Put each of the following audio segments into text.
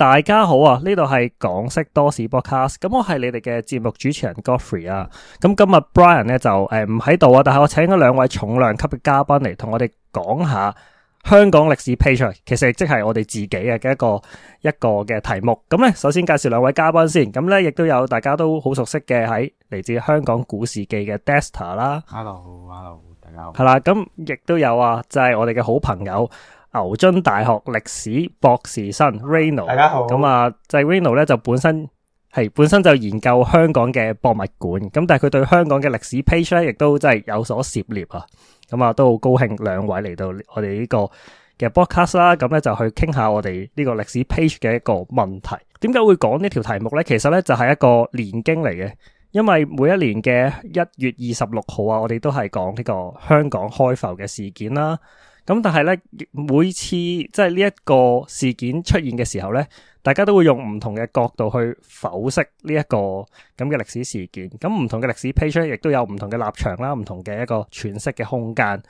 大家好啊！呢度係港識多史播客、嗯，咁我係你哋嘅節目主持人 Godfrey 啊。咁、嗯、今日 Brian 咧，就誒唔喺度啊，但係我請咗兩位重量級嘅嘉賓嚟同我哋講下香港歷史 Patron 其實即係我哋自己嘅一個一個嘅題目。咁、嗯、咧，首先介紹兩位嘉賓先。咁、嗯、咧，亦都有大家都好熟悉嘅，喺嚟自香港古事記嘅 Dexter 啦。Hello，Hello，hello, 大家好。係啦、嗯，咁亦都有啊，就係、是、我哋嘅好朋友。牛津大學歷史博士生 Reynold 大家好。咁啊，就係、是、Reynold 咧，就本身係本身就研究香港嘅博物館，咁但係佢對香港嘅歷史 page 咧，亦都真係有所涉獵啊。咁啊，都好高興兩位嚟到我哋呢個嘅 broadcast 啦，咁咧就去傾下我哋呢個歷史 page 嘅一個問題。點解會講呢條題目咧？其實咧就係、是、一個年經嚟嘅，因為每一年嘅一月二十六號啊，我哋都係講呢個香港開埠嘅事件啦。咁但係咧，每次即係呢一個事件出現嘅時候咧，大家都會用唔同嘅角度去剖析呢一個咁嘅歷史事件。咁、嗯、唔同嘅歷史 p i c t u 亦都有唔同嘅立場啦，唔同嘅一個詮釋嘅空間。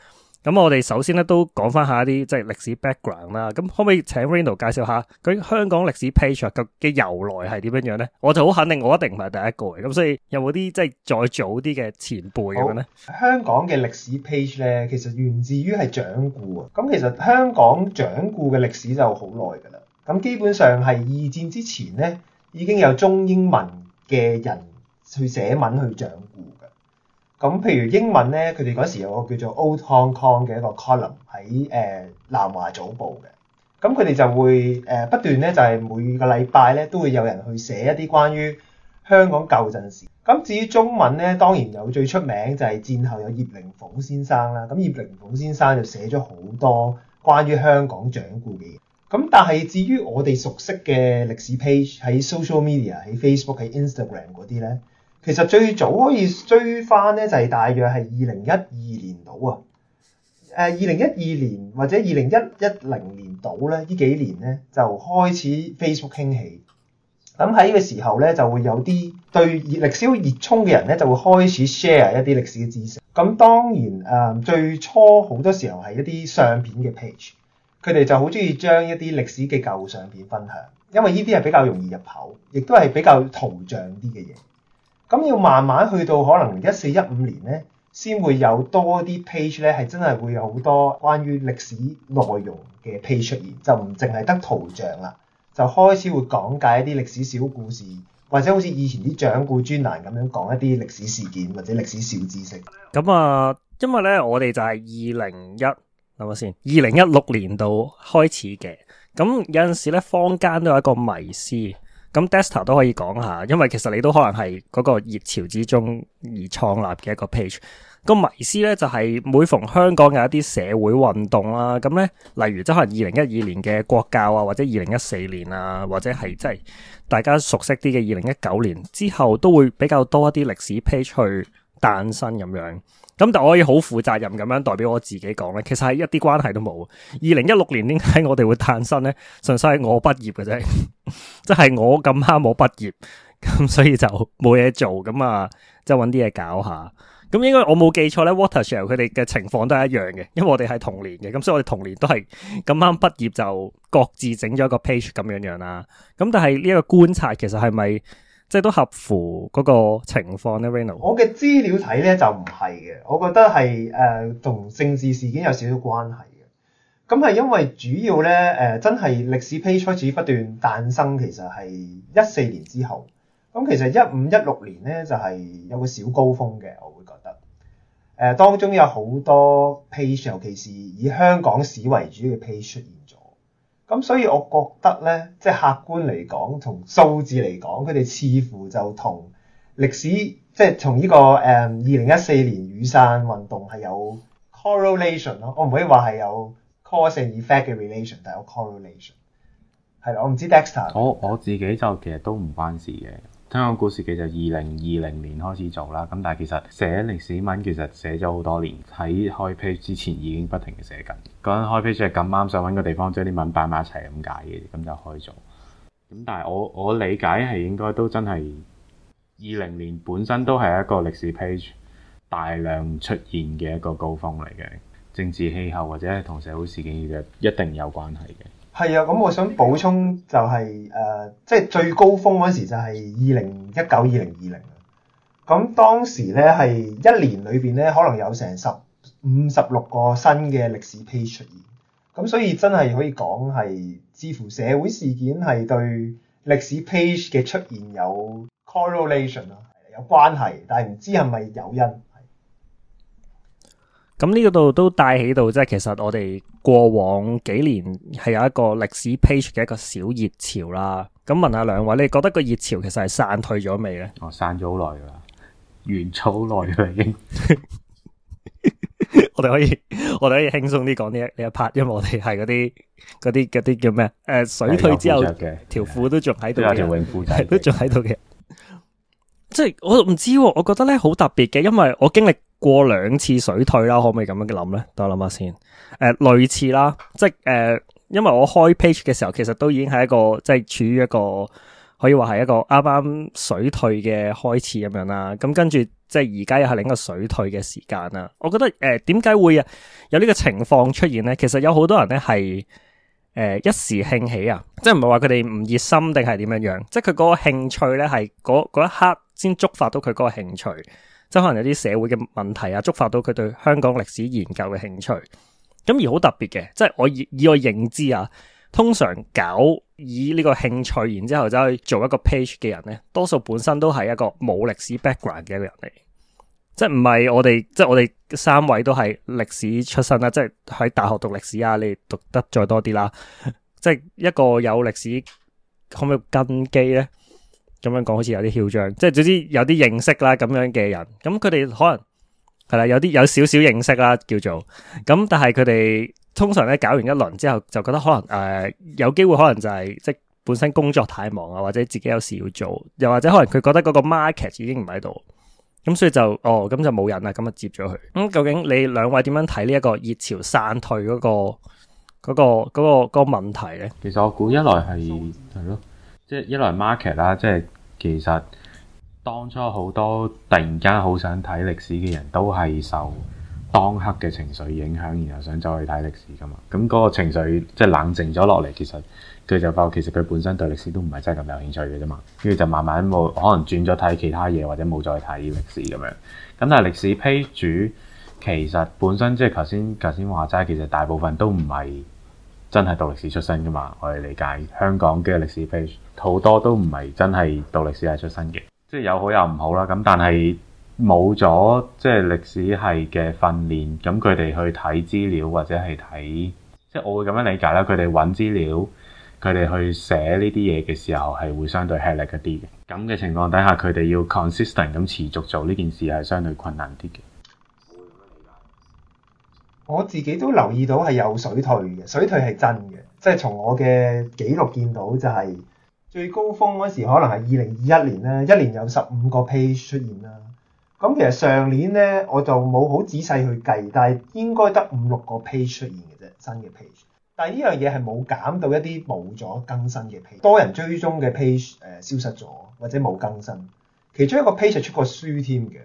咁我哋首先咧都講翻下一啲即係歷史 background 啦。咁可唔可以請 Reynold 介紹下佢香港歷史 page 嘅由來係點樣樣咧？我就好肯定我一定唔係第一個嘅。咁所以有冇啲即係再早啲嘅前輩咁樣咧？香港嘅歷史 page 咧，其實源自於係掌故啊。咁其實香港掌故嘅歷史就好耐噶啦。咁基本上係二戰之前咧，已經有中英文嘅人去寫文去掌故。咁譬如英文咧，佢哋嗰時有個叫做 Old Hong Kong 嘅一個 column 喺誒、呃、南華早報嘅，咁佢哋就會誒、呃、不斷咧就係、是、每個禮拜咧都會有人去寫一啲關於香港舊陣時。咁至於中文咧，當然有最出名就係戰後有葉靈鳳先生啦，咁葉靈鳳先生就寫咗好多關於香港掌故嘅嘢。咁但係至於我哋熟悉嘅歷史 page 喺 social media 喺 Facebook 喺 Instagram 嗰啲咧。其實最早可以追翻咧，就係、是、大約係二零一二年到啊。誒，二零一二年或者二零一一零年到咧，呢幾年咧就開始 Facebook 興起。咁喺呢個時候咧，就會有啲對歷史熱衷嘅人咧，就會開始 share 一啲歷史嘅知識。咁當然誒、嗯，最初好多時候係一啲相片嘅 page，佢哋就好中意將一啲歷史嘅舊相片分享，因為呢啲係比較容易入口，亦都係比較圖像啲嘅嘢。咁要慢慢去到可能一四一五年咧，先會有多啲 page 咧，係真係會有好多關於歷史內容嘅 page 出現，就唔淨係得圖像啦，就開始會講解一啲歷史小故事，或者好似以前啲掌故專欄咁樣講一啲歷史事件或者歷史小知識。咁啊，因為咧我哋就係二零一諗下先，二零一六年度開始嘅，咁有陣時咧坊間都有一個迷思。咁 Dexter 都可以講下，因為其實你都可能係嗰個熱潮之中而創立嘅一個 page。個迷思咧就係每逢香港有一啲社會運動啦，咁咧例如即係二零一二年嘅國教啊，或者二零一四年啊，或者係即係大家熟悉啲嘅二零一九年之後，都會比較多一啲歷史 page 去誕生咁樣，咁但我可以好負責任咁樣代表我自己講咧，其實係一啲關係都冇。二零一六年點解我哋會誕生咧？純粹係我畢業嘅啫，即 係我咁啱冇畢業，咁所以就冇嘢做，咁啊即係搵啲嘢搞下。咁應該我冇記錯咧，Watershell 佢哋嘅情況都係一樣嘅，因為我哋係同年嘅，咁所以我哋同年都係咁啱畢業就各自整咗個 page 咁樣樣啦。咁但係呢一個觀察，其實係咪？即係都合乎嗰個情況咧，Reynold。Er、我嘅資料睇咧就唔係嘅，我覺得係誒同政治事件有少少關係嘅。咁係因為主要咧誒、呃、真係歷史 page 開始不斷誕生，其實係一四年之後。咁其實、就是、一五一六年咧就係有個小高峰嘅，我會覺得誒、呃、當中有好多 page，尤其是以香港史為主嘅 page 出現。咁、嗯、所以我覺得咧，即係客觀嚟講，從數字嚟講，佢哋似乎就同歷史，即係從呢個誒二零一四年雨傘運動係有 correlation 咯。我唔可以話係有 cause and effect 嘅 relation，但係有 correlation 係啦。我唔知 Dexter。我我自己就其實都唔關事嘅。聽個故事，其實二零二零年開始做啦，咁但係其實寫歷史文其實寫咗好多年，喺開 page 之前已經不停嘅寫緊。嗰陣開 page 係咁啱，想揾個地方將啲文擺埋一齊咁解嘅，咁就開做。咁但係我我理解係應該都真係二零年本身都係一個歷史 page 大量出現嘅一個高峰嚟嘅，政治氣候或者係同社會事件其實一定有關係嘅。係啊，咁、嗯、我想補充就係、是、誒、呃，即係最高峰嗰時就係二零一九二零二零。咁、嗯、當時咧係一年裏邊咧，可能有成十五十六個新嘅歷史 page 出現。咁、嗯、所以真係可以講係，似乎社會事件係對歷史 page 嘅出現有 correlation 啦，有關係，但係唔知係咪有因。咁呢度都帶起到，即係其實我哋過往幾年係有一個歷史 page 嘅一個小熱潮啦。咁問下兩位，你覺得個熱潮其實係散退咗未咧？哦，散咗好耐噶啦，完咗好耐啦已經。我哋可以，我哋可以輕鬆啲講呢一 part，因為我哋係嗰啲啲啲叫咩？誒，水退之後，條褲都仲喺度，條泳褲都仲喺度嘅。即係我唔知，我覺得咧好特別嘅，因為我經歷過兩次水退啦，可唔可以咁樣嘅諗咧？等我諗下先。誒、呃、類似啦，即係誒、呃，因為我開 page 嘅時候，其實都已經係一個，即係處於一個可以話係一個啱啱水退嘅開始咁樣啦。咁、嗯、跟住即係而家又係另一個水退嘅時間啦。我覺得誒點解會啊有呢個情況出現咧？其實有好多人咧係誒一時興起啊，即係唔係話佢哋唔熱心定係點樣樣？即係佢嗰個興趣咧係嗰一刻先觸發到佢嗰個興趣。即係可能有啲社會嘅問題啊，觸發到佢對香港歷史研究嘅興趣。咁而好特別嘅，即係我以，以我認知啊，通常搞以呢個興趣，然之後走去做一個 page 嘅人咧，多數本身都係一個冇歷史 background 嘅一個人嚟。即係唔係我哋，即係我哋三位都係歷史出身啦，即係喺大學讀歷史啊，你讀得再多啲啦。即係一個有歷史可唔可以根基咧？咁樣講好似有啲囂張，即係總之有啲認識啦咁樣嘅人，咁佢哋可能係啦，有啲有少少認識啦叫做，咁但係佢哋通常咧搞完一輪之後，就覺得可能誒、呃、有機會可能就係、是、即本身工作太忙啊，或者自己有事要做，又或者可能佢覺得嗰個 market 已經唔喺度，咁所以就哦，咁就冇人啦，咁就接咗佢。咁、嗯、究竟你兩位點樣睇呢一個熱潮散退嗰、嗰個嗰、嗰個嗰、嗰個嗰、嗰個問題咧？其實我估一來係係咯。嗯即係一來 market 啦，即係其實當初好多突然間好想睇歷史嘅人都係受當刻嘅情緒影響，然後想走去睇歷史㗎嘛。咁嗰個情緒即係冷靜咗落嚟，其實佢就發覺其實佢本身對歷史都唔係真係咁有興趣嘅啫嘛。跟住就慢慢冇可能轉咗睇其他嘢，或者冇再睇歷史咁樣。咁但係歷史批主其實本身即係頭先頭先話齋，其實大部分都唔係。真係讀歷史出身㗎嘛？我哋理解香港嘅歷史 Page 好多都唔係真係讀歷史系出身嘅，即係有好有唔好啦。咁但係冇咗即係歷史系嘅訓練，咁佢哋去睇資料或者係睇，即係我會咁樣理解啦。佢哋揾資料，佢哋去寫呢啲嘢嘅時候係會相對吃力一啲嘅。咁嘅情況底下，佢哋要 consistent 咁持續做呢件事係相對困難啲嘅。我自己都留意到係有水退嘅，水退係真嘅，即係從我嘅記錄見到就係最高峰嗰時可能係二零二一年啦，一年有十五個 page 出現啦。咁其實上年呢，我就冇好仔細去計，但係應該得五六個 page 出現嘅啫，新嘅 page。但係呢樣嘢係冇減到一啲冇咗更新嘅 page，多人追蹤嘅 page 誒、呃、消失咗或者冇更新。其中一個 page 出過書添嘅，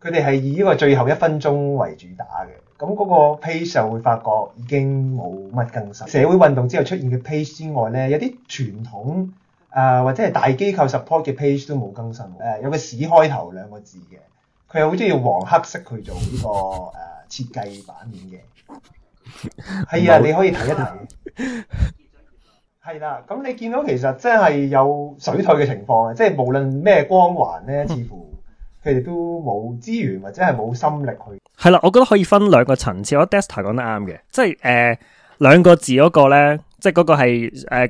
佢哋係以呢個最後一分鐘為主打嘅。咁個 page 就會發覺已經冇乜更新。社會運動之後出現嘅 page 之外呢，有啲傳統啊、呃、或者係大機構 support 嘅 page 都冇更新。誒、呃，有個史開頭兩個字嘅，佢又好中意黃黑色去做呢、這個誒、呃、設計版面嘅。係 啊，你可以睇一睇。係啦、 啊，咁你見到其實真係有水退嘅情況啊！即係無論咩光環呢，似乎佢哋都冇資源或者係冇心力去。係啦，我覺得可以分兩個層次。我覺得 Dexter 講得啱嘅，即係誒、呃、兩個字嗰個咧，即係嗰個係誒、呃、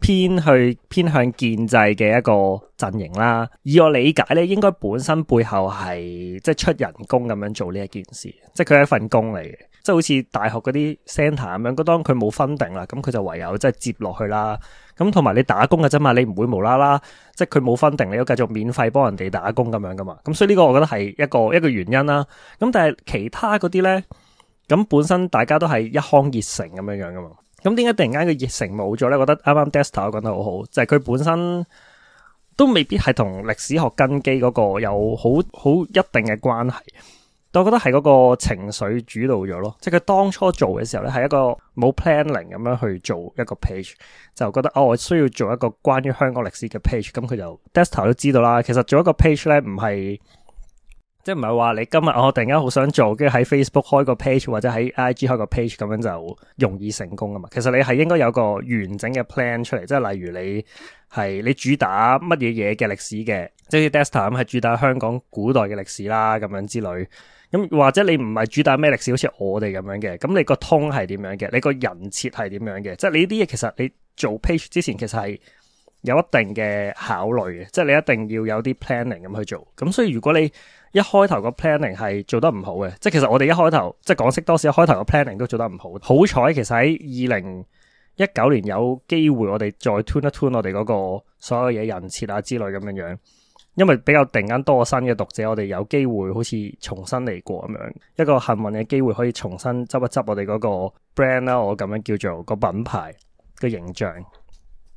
偏去偏向建制嘅一個陣營啦。以我理解咧，應該本身背後係即係出人工咁樣做呢一件事，即係佢係一份工嚟嘅。即係好似大學嗰啲 centre 咁樣，當佢冇分定啦，咁佢就唯有即係接落去啦。咁同埋你打工嘅啫嘛，你唔會無啦啦，即係佢冇分定，你要繼續免費幫人哋打工咁樣噶嘛。咁所以呢個我覺得係一個一個原因啦。咁但係其他嗰啲咧，咁本身大家都係一腔熱誠咁樣樣噶嘛。咁點解突然間個熱誠冇咗咧？我覺得啱啱 Dexter 講得好好，就係佢本身都未必係同歷史學根基嗰個有好好一定嘅關係。我覺得係嗰個情緒主導咗咯，即係佢當初做嘅時候咧，係一個冇 planning 咁樣去做一個 page，就覺得哦，我需要做一個關於香港歷史嘅 page。咁佢就 Dexter 都知道啦，其實做一個 page 咧，唔係即係唔係話你今日、哦、我突然間好想做，跟住喺 Facebook 開個 page 或者喺 IG 開個 page 咁樣就容易成功啊嘛。其實你係應該有個完整嘅 plan 出嚟，即係例如你係你主打乜嘢嘢嘅歷史嘅，即係 Dexter 咁係主打香港古代嘅歷史啦，咁樣之類。咁或者你唔係主打咩歷史，好似我哋咁樣嘅，咁你個通係點樣嘅？你個人設係點樣嘅？即係你呢啲嘢，其實你做 page 之前，其實係有一定嘅考慮嘅，即係你一定要有啲 planning 咁去做。咁所以如果你一開頭個 planning 係做得唔好嘅，即係其實我哋一開頭即係港識多史，一開頭個 planning 都做得唔好。好彩其實喺二零一九年有機會，我哋再 tune 一 tune 我哋嗰個所有嘢人設啊之類咁樣樣。因為比較突然間多新嘅讀者，我哋有機會好似重新嚟過咁樣，一個幸運嘅機會可以重新執一執我哋嗰個 brand 啦，我咁樣叫做個品牌個形象，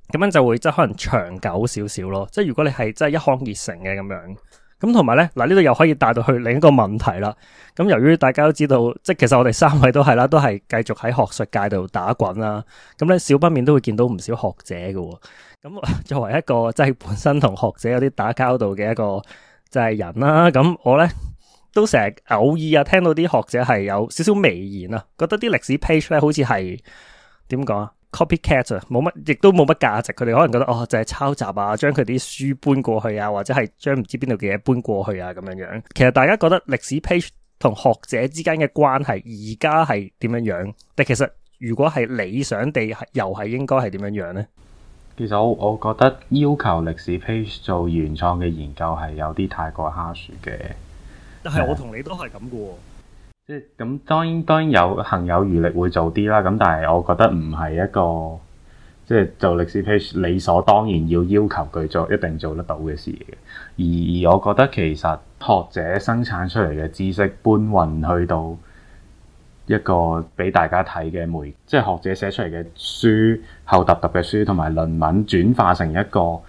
咁樣就會即係可能長久少少咯。即係如果你係真係一腔熱誠嘅咁樣。咁同埋咧，嗱呢度又可以帶到去另一個問題啦。咁由於大家都知道，即係其實我哋三位都係啦，都係繼續喺學術界度打滾啦、啊。咁、嗯、咧，少不免都會見到唔少學者嘅、哦。咁、嗯、作為一個即係本身同學者有啲打交道嘅一個就係、是、人啦、啊。咁、嗯、我咧都成日偶爾啊，聽到啲學者係有少少微言啊，覺得啲歷史 page 咧好似係點講啊？Copycat 啊，冇乜，亦都冇乜價值。佢哋可能覺得哦，就係、是、抄襲啊，將佢啲書搬過去啊，或者係將唔知邊度嘅嘢搬過去啊，咁樣樣。其實大家覺得歷史 page 同學者之間嘅關係而家係點樣樣？但其實如果係理想地，又係應該係點樣樣呢？其實我我覺得要求歷史 page 做原創嘅研究係有啲太過蝦鼠嘅。但係我同你都係咁嘅。即係咁，當然當然有，行有餘力會做啲啦。咁但係我覺得唔係一個即係、就是、做歷史 page，理所當然要要求佢做一定做得到嘅事嘅。而而我覺得其實學者生產出嚟嘅知識搬運去到一個俾大家睇嘅媒，即、就、係、是、學者寫出嚟嘅書厚沓沓嘅書同埋論文，轉化成一個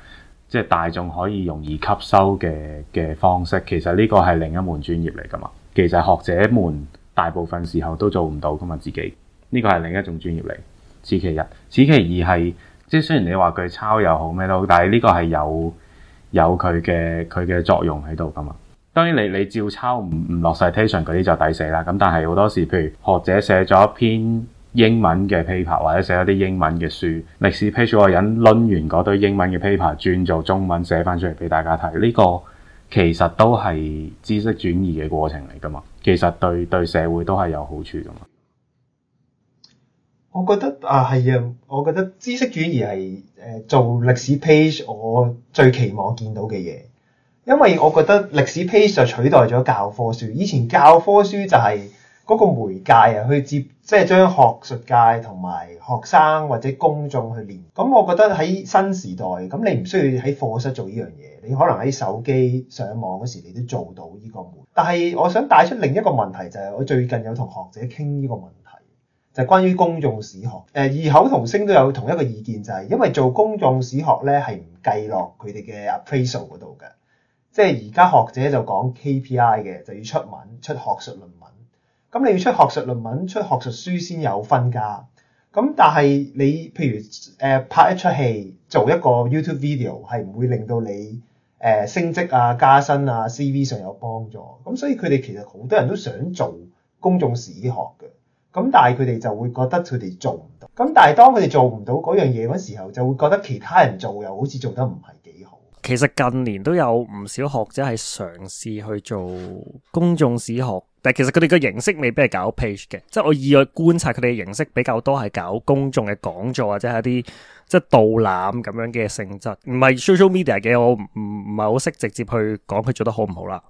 即係、就是、大眾可以容易吸收嘅嘅方式。其實呢個係另一門專業嚟㗎嘛。其實學者們大部分時候都做唔到噶嘛，自己呢、呢個係另一種專業嚟。此其一，此其二係即係雖然你話佢抄又好咩都，好，但係呢個係有有佢嘅佢嘅作用喺度噶嘛。當然你你照抄唔唔落曬 citation 嗰啲就抵死啦。咁但係好多時，譬如學者寫咗一篇英文嘅 paper 或者寫一啲英文嘅書，歷史 page 個人攆完嗰堆英文嘅 paper 轉做中文寫翻出嚟俾大家睇，呢、呢個。其實都係知識轉移嘅過程嚟，噶嘛，其實對對社會都係有好處噶嘛。我覺得啊係啊，我覺得知識轉移係誒做歷史 page 我最期望見到嘅嘢，因為我覺得歷史 page 就取代咗教科書，以前教科書就係、是。嗰個媒介啊，去接即係將學術界同埋學生或者公眾去連。咁我覺得喺新時代咁，你唔需要喺課室做呢樣嘢，你可能喺手機上網嗰時，你都做到呢個媒介。但係我想帶出另一個問題就係，我最近有同學者傾呢個問題，就係、是、關於公眾史學。誒、呃、異口同聲都有同一個意見，就係、是、因為做公眾史學呢係唔計落佢哋嘅 appraisal 數嗰度嘅，即係而家學者就講 KPI 嘅就要出文出學術論文。咁你要出學術論文、出學術書先有分㗎。咁但係你譬如誒拍一齣戲、做一個 YouTube video 係唔會令到你誒升職啊、加薪啊、CV 上有幫助。咁所以佢哋其實好多人都想做公眾史學嘅。咁但係佢哋就會覺得佢哋做唔到。咁但係當佢哋做唔到嗰樣嘢嗰時候，就會覺得其他人做又好似做得唔係幾好。其實近年都有唔少學者係嘗試去做公眾史學。但其實佢哋嘅形式未必係搞 page 嘅，即係我意外觀察佢哋嘅形式比較多係搞公眾嘅講座或者係一啲即係導覽咁樣嘅性質，唔係 social media 嘅，我唔唔係好識直接去講佢做得好唔好啦。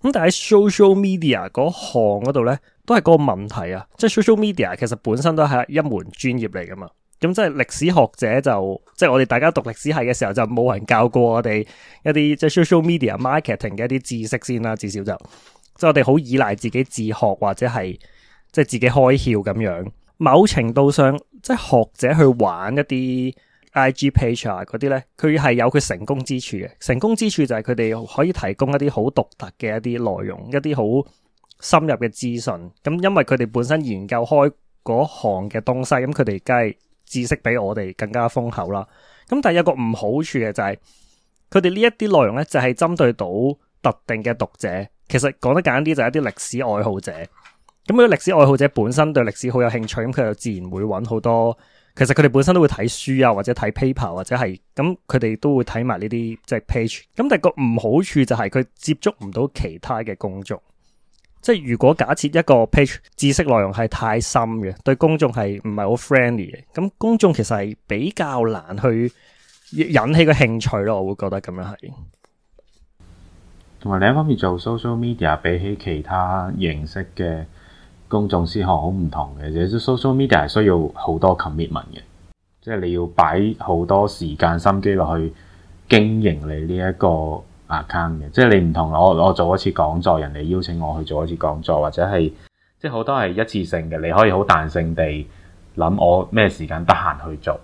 咁但係 social media 嗰行嗰度咧，都係個問題啊！即係 social media 其實本身都係一門專業嚟噶嘛。咁即係歷史學者就即係我哋大家讀歷史系嘅時候就冇人教過我哋一啲即係 social media marketing 嘅一啲知識先啦，至少就。即係我哋好依賴自己自學或者係即係自己開竅咁樣。某程度上，即係學者去玩一啲 IG Page 啊嗰啲咧，佢係有佢成功之處嘅。成功之處就係佢哋可以提供一啲好獨特嘅一啲內容，一啲好深入嘅資訊。咁因為佢哋本身研究開嗰行嘅東西，咁佢哋梗係知識比我哋更加豐厚啦。咁但係一個唔好處嘅就係，佢哋呢一啲內容咧就係針對到特定嘅讀者。。其實講得簡單啲，就係一啲歷史愛好者。咁如果歷史愛好者本身對歷史好有興趣，咁佢又自然會揾好多。其實佢哋本身都會睇書啊，或者睇 paper，或者係咁，佢哋都會睇埋呢啲即係 page。咁但係個唔好處就係佢接觸唔到其他嘅工作。即係如果假設一個 page 知識內容係太深嘅，對公眾係唔係好 friendly 嘅，咁公眾其實係比較難去引起個興趣咯。我會覺得咁樣係。同埋另一方面做，做 social media 比起其他形式嘅公眾史學好唔同嘅，就 social media 係需要好多 commitment 嘅，即係你要擺好多時間心機落去經營你呢一個 account 嘅。即係你唔同我，我做一次講座，人哋邀請我去做一次講座，或者係，即係好多係一次性嘅，你可以好彈性地諗我咩時間得閒去做。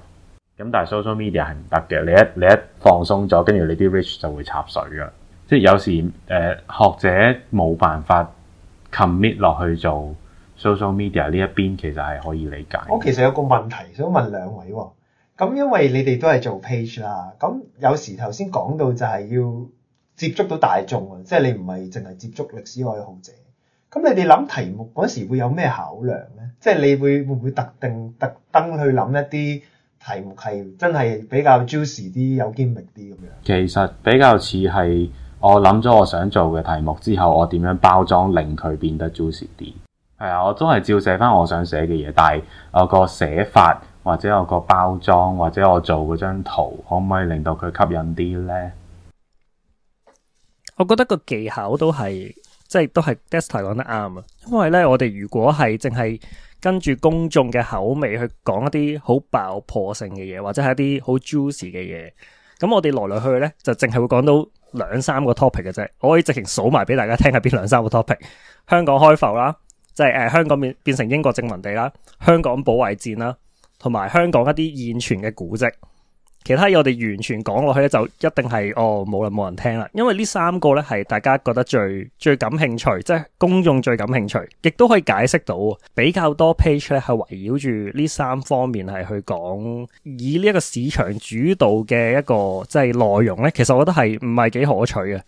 咁但係 social media 係唔得嘅，你一你一放鬆咗，跟住你啲 reach 就會插水嘅。即係有時誒、呃，學者冇辦法 commit 落去做 social media 呢一邊，其實係可以理解。我其實有個問題想問兩位喎，咁因為你哋都係做 page 啦，咁有時頭先講到就係要接觸到大眾啊，即係你唔係淨係接觸歷史愛好者。咁你哋諗題目嗰時會有咩考量咧？即係你會會唔會特定特登去諗一啲題目係真係比較 juicy 啲、有 keywords 啲咁樣？其實比較似係。我諗咗我想做嘅題目之後，我點樣包裝令佢變得 juicy 啲？係啊，我都係照寫翻我想寫嘅嘢，但係我個寫法或者我個包裝或者我做嗰張圖，可唔可以令到佢吸引啲呢？我覺得個技巧都係即係都係 Dexter 講得啱啊，因為呢，我哋如果係淨係跟住公眾嘅口味去講一啲好爆破性嘅嘢，或者係一啲好 juicy 嘅嘢，咁我哋來來去去呢，就淨係會講到，兩三個 topic 嘅啫，我可以直情數埋俾大家聽下邊兩三個 topic。香港開埠啦，即係誒、呃、香港變變成英國殖民地啦，香港保衞戰啦，同埋香港一啲現存嘅古蹟。其他嘢我哋完全講落去咧，就一定係哦，冇啦，冇人聽啦。因為呢三個呢，係大家覺得最最感興趣，即係公眾最感興趣，亦都可以解釋到比較多 page 咧係圍繞住呢三方面係去講，以呢一個市場主導嘅一個即係內容呢，其實我覺得係唔係幾可取嘅。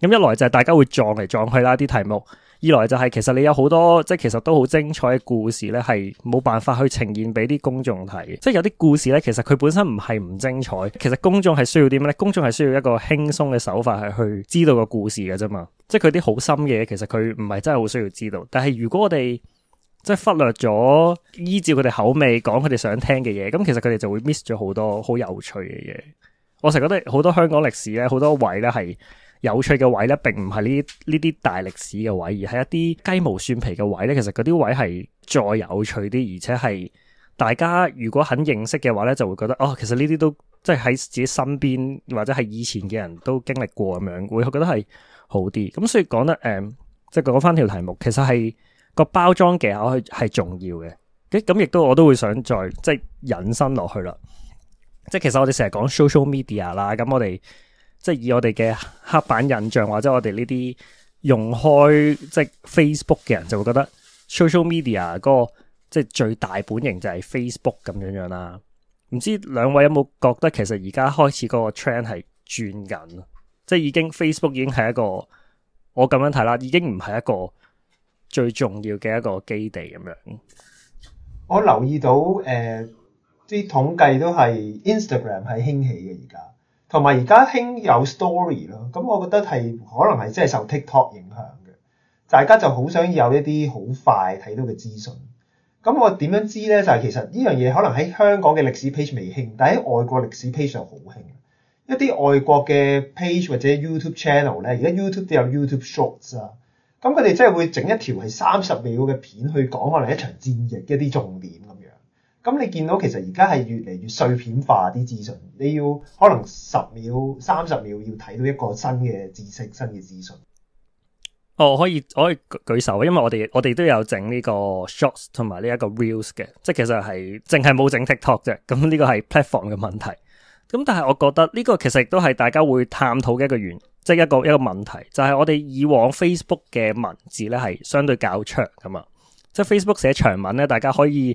咁一來就係大家會撞嚟撞去啦啲題目。二來就係其實你有好多即係其實都好精彩嘅故事咧，係冇辦法去呈現俾啲公眾睇。即係有啲故事咧，其實佢本身唔係唔精彩。其實公眾係需要啲咩咧？公眾係需要一個輕鬆嘅手法係去知道個故事嘅啫嘛。即係佢啲好深嘅嘢，其實佢唔係真係好需要知道。但係如果我哋即係忽略咗依照佢哋口味講佢哋想聽嘅嘢，咁其實佢哋就會 miss 咗好多好有趣嘅嘢。我成日覺得好多香港歷史咧，好多位咧係，有趣嘅位咧，並唔係呢呢啲大歷史嘅位，而係一啲雞毛蒜皮嘅位咧。其實嗰啲位係再有趣啲，而且係大家如果肯認識嘅話咧，就會覺得哦，其實呢啲都即係喺自己身邊或者係以前嘅人都經歷過咁樣，會覺得係好啲。咁所以講得誒，即係講返條題目，其實係個包裝技巧係係重要嘅。咁亦都我都會想再即係引申落去啦。即係其實我哋成日講 social media 啦，咁我哋，即係以我哋嘅黑板印象，或者我哋呢啲用開即係 Facebook 嘅人，就會覺得 social media 嗰個即係最大本營就係 Facebook 咁樣樣啦。唔知兩位有冇覺得其實而家開始嗰個 trend 係轉緊，即係已經 Facebook 已經係一個我咁樣睇啦，已經唔係一個最重要嘅一個基地咁樣？我留意到誒啲、呃、統計都係 Instagram 係興起嘅而家。同埋而家興有 story 咯，咁我覺得係可能係真係受 TikTok 影響嘅，大家就好想有一啲好快睇到嘅資訊。咁我點樣知呢？就係、是、其實呢樣嘢可能喺香港嘅歷史 page 未興，但喺外國歷史 page 上好興。一啲外國嘅 page 或者 YouTube channel 呢，而家 YouTube 都有 YouTube Shorts 啊，咁佢哋真係會整一條係三十秒嘅片去講可能一場戰役一啲重點。咁、嗯、你見到其實而家係越嚟越碎片化啲資訊，你要可能十秒、三十秒要睇到一個新嘅知識、新嘅資訊。我、哦、可以可以舉手，因為我哋我哋都有整呢個 Shorts 同埋呢一個 Reels 嘅，即係其實係淨係冇整 TikTok 啫。咁呢個係 platform 嘅問題。咁但係我覺得呢個其實亦都係大家會探討嘅一個原因，即係一個一個問題，就係、是、我哋以往 Facebook 嘅文字咧係相對較長㗎嘛，即係 Facebook 寫長文咧，大家可以。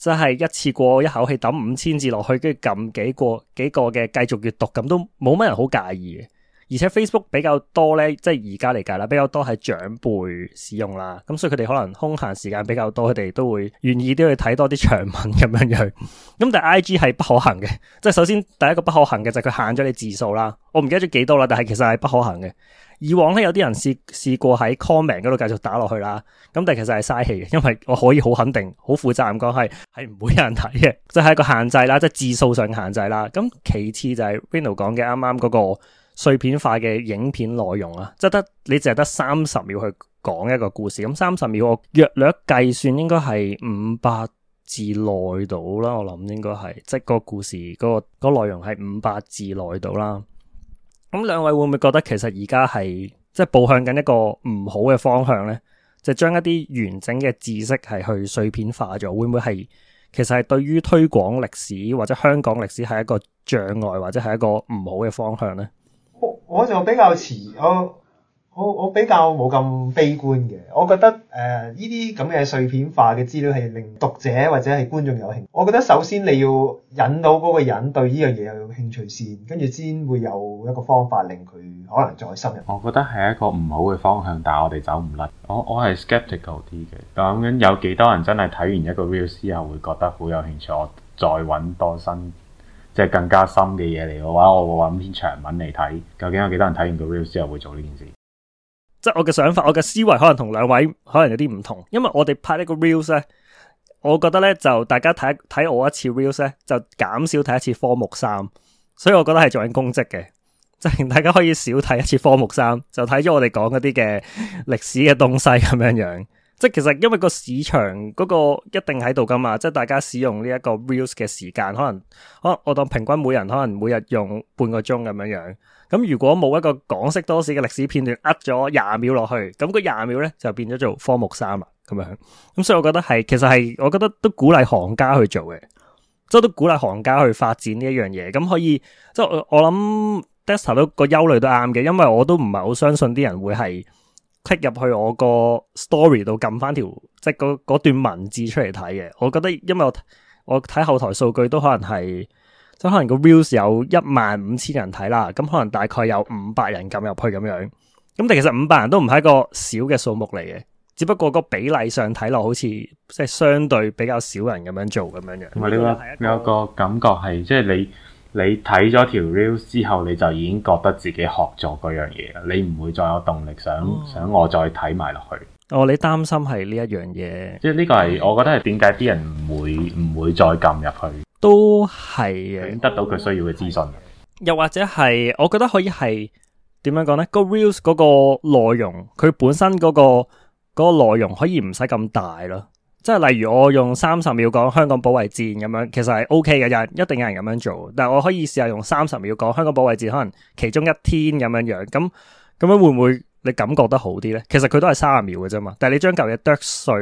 即係一次過一口氣抌五千字落去，跟住撳幾個幾個嘅繼續閱讀，咁都冇乜人好介意嘅。而且 Facebook 比較多咧，即係而家嚟㗎啦，比較多係長輩使用啦，咁所以佢哋可能空閒時間比較多，佢哋都會願意都去睇多啲長文咁樣樣。咁 但係 IG 係不可行嘅，即係首先第一個不可行嘅就係佢限咗你字數啦，我唔記得咗幾多啦，但係其實係不可行嘅。以往咧有啲人試試過喺 comment 嗰度繼續打落去啦，咁但係其實係嘥氣嘅，因為我可以好肯定、好負責咁講係係唔會有人睇嘅，就係、是、一個限制啦，即係字數上嘅限制啦。咁其次就係 Reynold 講嘅啱啱嗰個。碎片化嘅影片內容啊，即係得你淨係得三十秒去講一個故事咁。三十秒我約略計算，應該係五百字內度啦。我諗應該係即係個故事嗰個嗰個內容係五百字內度啦。咁兩位會唔會覺得其實而家係即係步向緊一個唔好嘅方向呢？就將一啲完整嘅知識係去碎片化咗，會唔會係其實係對於推廣歷史或者香港歷史係一個障礙，或者係一個唔好嘅方向呢？我我就比較遲，我我我比較冇咁悲觀嘅。我覺得誒依啲咁嘅碎片化嘅資料係令讀者或者係觀眾有興趣。我覺得首先你要引到嗰個人對呢樣嘢有興趣先，跟住先會有一個方法令佢可能再深入。我覺得係一個唔好嘅方向，但係我哋走唔甩。我我係 skeptical 啲嘅，究竟有幾多人真係睇完一個 real 之後會覺得好有興趣？我再揾多新，即係更加深嘅嘢嚟嘅話，我會搵篇長文嚟睇，究竟有幾多人睇完個 reels 之後會做呢件事？即係我嘅想法，我嘅思維可能同兩位可能有啲唔同，因為我哋拍呢個 reels 咧，我覺得咧就大家睇睇我一次 reels 咧，就減少睇一次科目三，所以我覺得係做緊公職嘅，即係大家可以少睇一次科目三，就睇咗我哋講嗰啲嘅歷史嘅東西咁樣樣。即係其實因為個市場嗰個一定喺度㗎嘛，即係大家使用呢一個 reels 嘅時間，可能，我我當平均每人可能每日用半個鐘咁樣樣，咁如果冇一個港識多史嘅歷史片段呃咗廿秒落去，咁嗰廿秒咧就變咗做科目三啦咁樣，咁、嗯、所以我覺得係，其實係，我覺得都鼓勵行家去做嘅，即係都鼓勵行家去發展呢一樣嘢，咁、嗯、可以，即係我我諗 Dexter 都個憂慮都啱嘅，因為我都唔係好相信啲人會係。剔入去我個 story 度，撳翻條即係嗰段文字出嚟睇嘅。我覺得因為我我睇後台數據，都可能係即係可能個 views 有一萬五千人睇啦，咁可能大概有五百人撳入去咁樣，咁但其實五百人都唔係一個少嘅數目嚟嘅，只不過個比例上睇落好似即係相對比較少人咁樣做咁樣嘅。我呢說個我個感覺係即係你。你睇咗條 reels 之後，你就已經覺得自己學咗嗰樣嘢啦，你唔會再有動力想想我再睇埋落去。哦，你擔心係呢一樣嘢，即係呢個係，我覺得係點解啲人唔會唔會再撳入去？都係是得到佢需要嘅資訊，又或者係，我覺得可以係點樣講呢？Re 個 reels 嗰個內容，佢本身嗰、嗰個嗰、嗰個內容可以唔使咁大咯。即係例如我用三十秒講香港保衛戰咁樣，其實係 OK 嘅，有一定有人咁樣做。但係我可以試下用三十秒講香港保衛戰，可能其中一天咁樣樣咁咁樣會唔會你感覺得好啲咧？其實佢都係三十秒嘅啫嘛，但係你將舊嘢剁碎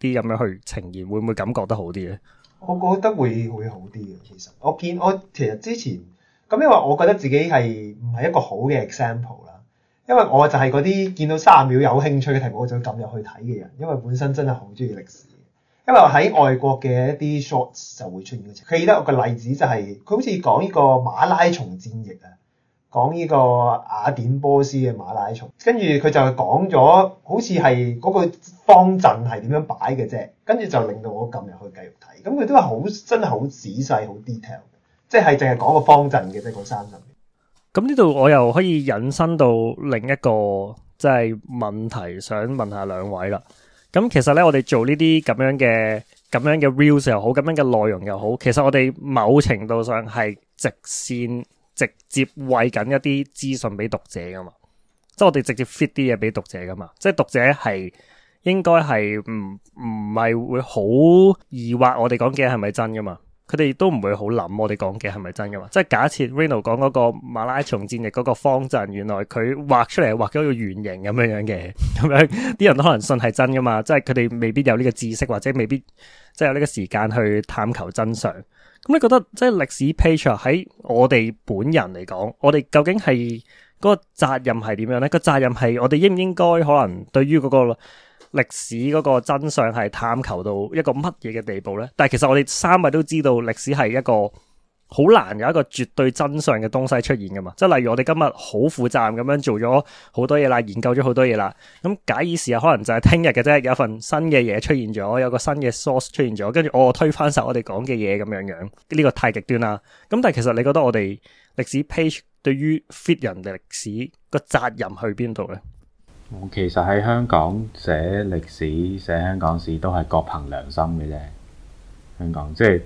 啲咁樣去呈現，會唔會感覺得好啲咧？我覺得會會好啲嘅。其實我見我其實之前咁，因為我覺得自己係唔係一個好嘅 example 啦，因為我就係嗰啲見到三十秒有興趣嘅題目，我就撳入去睇嘅人，因為本身真係好中意歷史。因為喺外國嘅一啲 shots 就會出現嘅，記得個例子就係、是、佢好似講呢個馬拉松戰役啊，講呢個雅典波斯嘅馬拉松，跟住佢就講咗，好似係嗰個方陣係點樣擺嘅啫，跟住就令到我撳入去繼續睇，咁佢都係好真係好仔細，好 detail，即係淨係講個方陣嘅，啫。個山上面咁呢度我又可以引申到另一個即係、就是、問題，想問下兩位啦。咁其實咧，我哋做呢啲咁樣嘅咁樣嘅 reels 又好，咁樣嘅內容又好，其實我哋某程度上係直線直接餵緊一啲資訊俾讀者㗎嘛，即係我哋直接 fit 啲嘢俾讀者㗎嘛，即係讀者係應該係唔唔係會好疑惑我哋講嘅嘢係咪真㗎嘛？佢哋都唔會好諗我哋講嘅係咪真噶嘛？即係假設 Reynold 講嗰個馬拉松戰役嗰個方陣，原來佢畫出嚟，係畫咗個圓形咁樣樣嘅，咁樣啲人都可能信係真噶嘛？即係佢哋未必有呢個知識，或者未必即係有呢個時間去探求真相。咁你覺得即係歷史 page 喺我哋本人嚟講，我哋究竟係嗰個責任係點樣呢？個責任係我哋應唔應該可能對於嗰個？歷史嗰個真相係探求到一個乜嘢嘅地步咧？但係其實我哋三位都知道歷史係一個好難有一個絕對真相嘅東西出現嘅嘛。即係例如我哋今日好負責任咁樣做咗好多嘢啦，研究咗好多嘢啦。咁假以時日，可能就係聽日嘅啫，有一份新嘅嘢出現咗，有個新嘅 source 出現咗，跟住我推翻晒我哋講嘅嘢咁樣樣。呢、這個太極端啦。咁但係其實你覺得我哋歷史 page 對於 fit 人歷史個責任去邊度咧？其實喺香港寫歷史、寫香港史都係各憑良心嘅啫。香港即係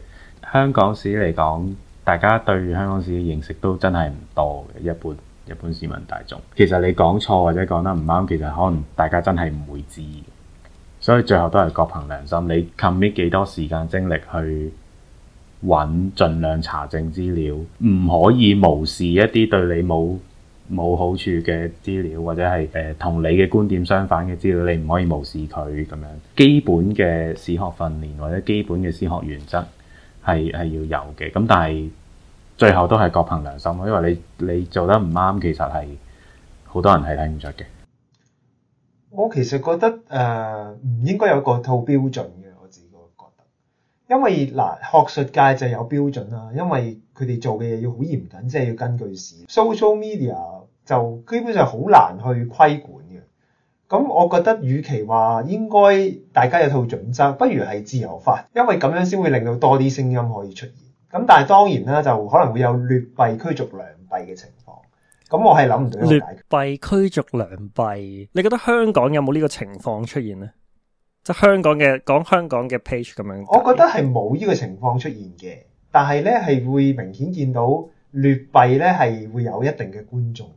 香港史嚟講，大家對香港史嘅認識都真係唔多嘅。一般一般市民大眾，其實你講錯或者講得唔啱，其實可能大家真係唔會知。所以最後都係各憑良心。你 commit 幾多時間精力去揾，盡量查證資料，唔可以無視一啲對你冇。冇好處嘅資料，或者係誒、呃、同你嘅觀點相反嘅資料，你唔可以無視佢咁樣。基本嘅史學訓練或者基本嘅史學原則係係要有嘅。咁但係最後都係各憑良心咯。因為你你做得唔啱，其實係好多人係睇唔出嘅。我其實覺得誒唔、呃、應該有個套標準嘅，我自己個覺得，因為嗱、呃、學術界就有標準啦。因為佢哋做嘅嘢要好嚴謹，即係要根據史 social media。就基本上好難去規管嘅。咁我覺得，與其話應該大家有套準則，不如係自由化，因為咁樣先會令到多啲聲音可以出現。咁但係當然啦，就可能會有劣幣驅逐良幣嘅情況。咁我係諗唔到呢。劣幣驅逐良幣，你覺得香港有冇呢個情況出現呢？即係香港嘅講香港嘅 page 咁樣。我覺得係冇呢個情況出現嘅，但係呢，係會明顯見到劣幣呢，係會有一定嘅觀眾。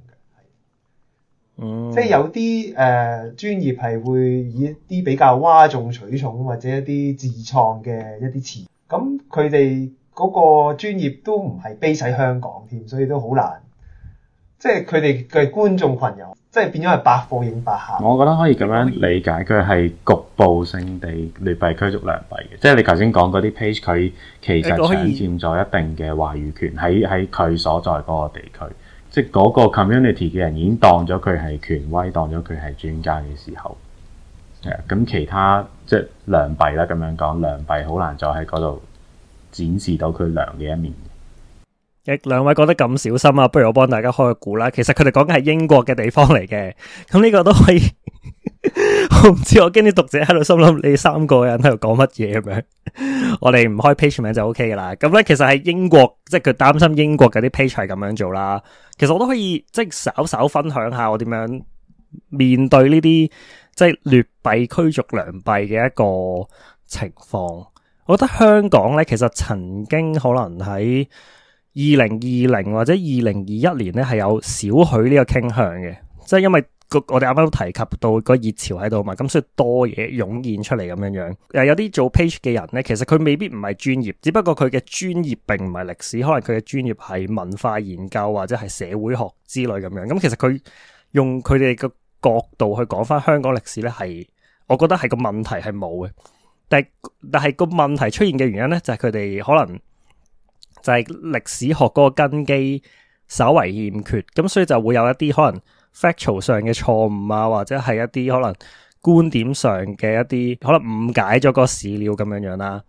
嗯、即係有啲誒、呃、專業係會以一啲比較挖眾取寵或者一啲自創嘅一啲詞，咁佢哋嗰個專業都唔係悲 a 香港添，所以都好難。即係佢哋嘅觀眾群友，即係變咗係百貨應百客。我覺得可以咁樣理解，佢係局部性地劣幣驅逐良幣嘅，即係你頭先講嗰啲 page，佢其實搶佔佔咗一定嘅話語權喺喺佢所在嗰個地區。即係嗰個 community 嘅人已經當咗佢係權威，當咗佢係專家嘅時候，咁、yeah，其他即係良幣啦，咁樣講良幣好難再喺嗰度展示到佢良嘅一面嘅。兩位講得咁小心啊，不如我幫大家開個股啦。其實佢哋講嘅係英國嘅地方嚟嘅，咁呢個都可以。 我唔知我驚啲讀者喺度心諗你三個人喺度講乜嘢咁樣。 我哋唔開 page 名就 O K 噶啦，咁咧，其實喺英國，即係佢擔心英國嗰啲 page 係咁樣做啦。其實我都可以即係稍稍分享下我點樣面對呢啲即係劣幣驅逐良幣嘅一個情況。我覺得香港咧，其實曾經可能喺二零二零或者二零二一年咧，係有少許呢個傾向嘅，即係因為。個我哋啱啱都提及到個熱潮喺度嘛，咁所以多嘢湧現出嚟咁樣樣。誒，有啲做 page 嘅人咧，其實佢未必唔係專業，只不過佢嘅專業並唔係歷史，可能佢嘅專業係文化研究或者係社會學之類咁樣。咁，嗯，其實佢用佢哋嘅角度去講翻香港歷史咧，係我覺得係個問題係冇嘅。但係但係個問題出現嘅原因咧，就係佢哋可能就係歷史學嗰個根基稍為欠缺，咁所以就會有一啲可能。Factual 上嘅錯誤啊，或者係一啲可能觀點上嘅一啲可能誤解咗個史料咁樣樣啦。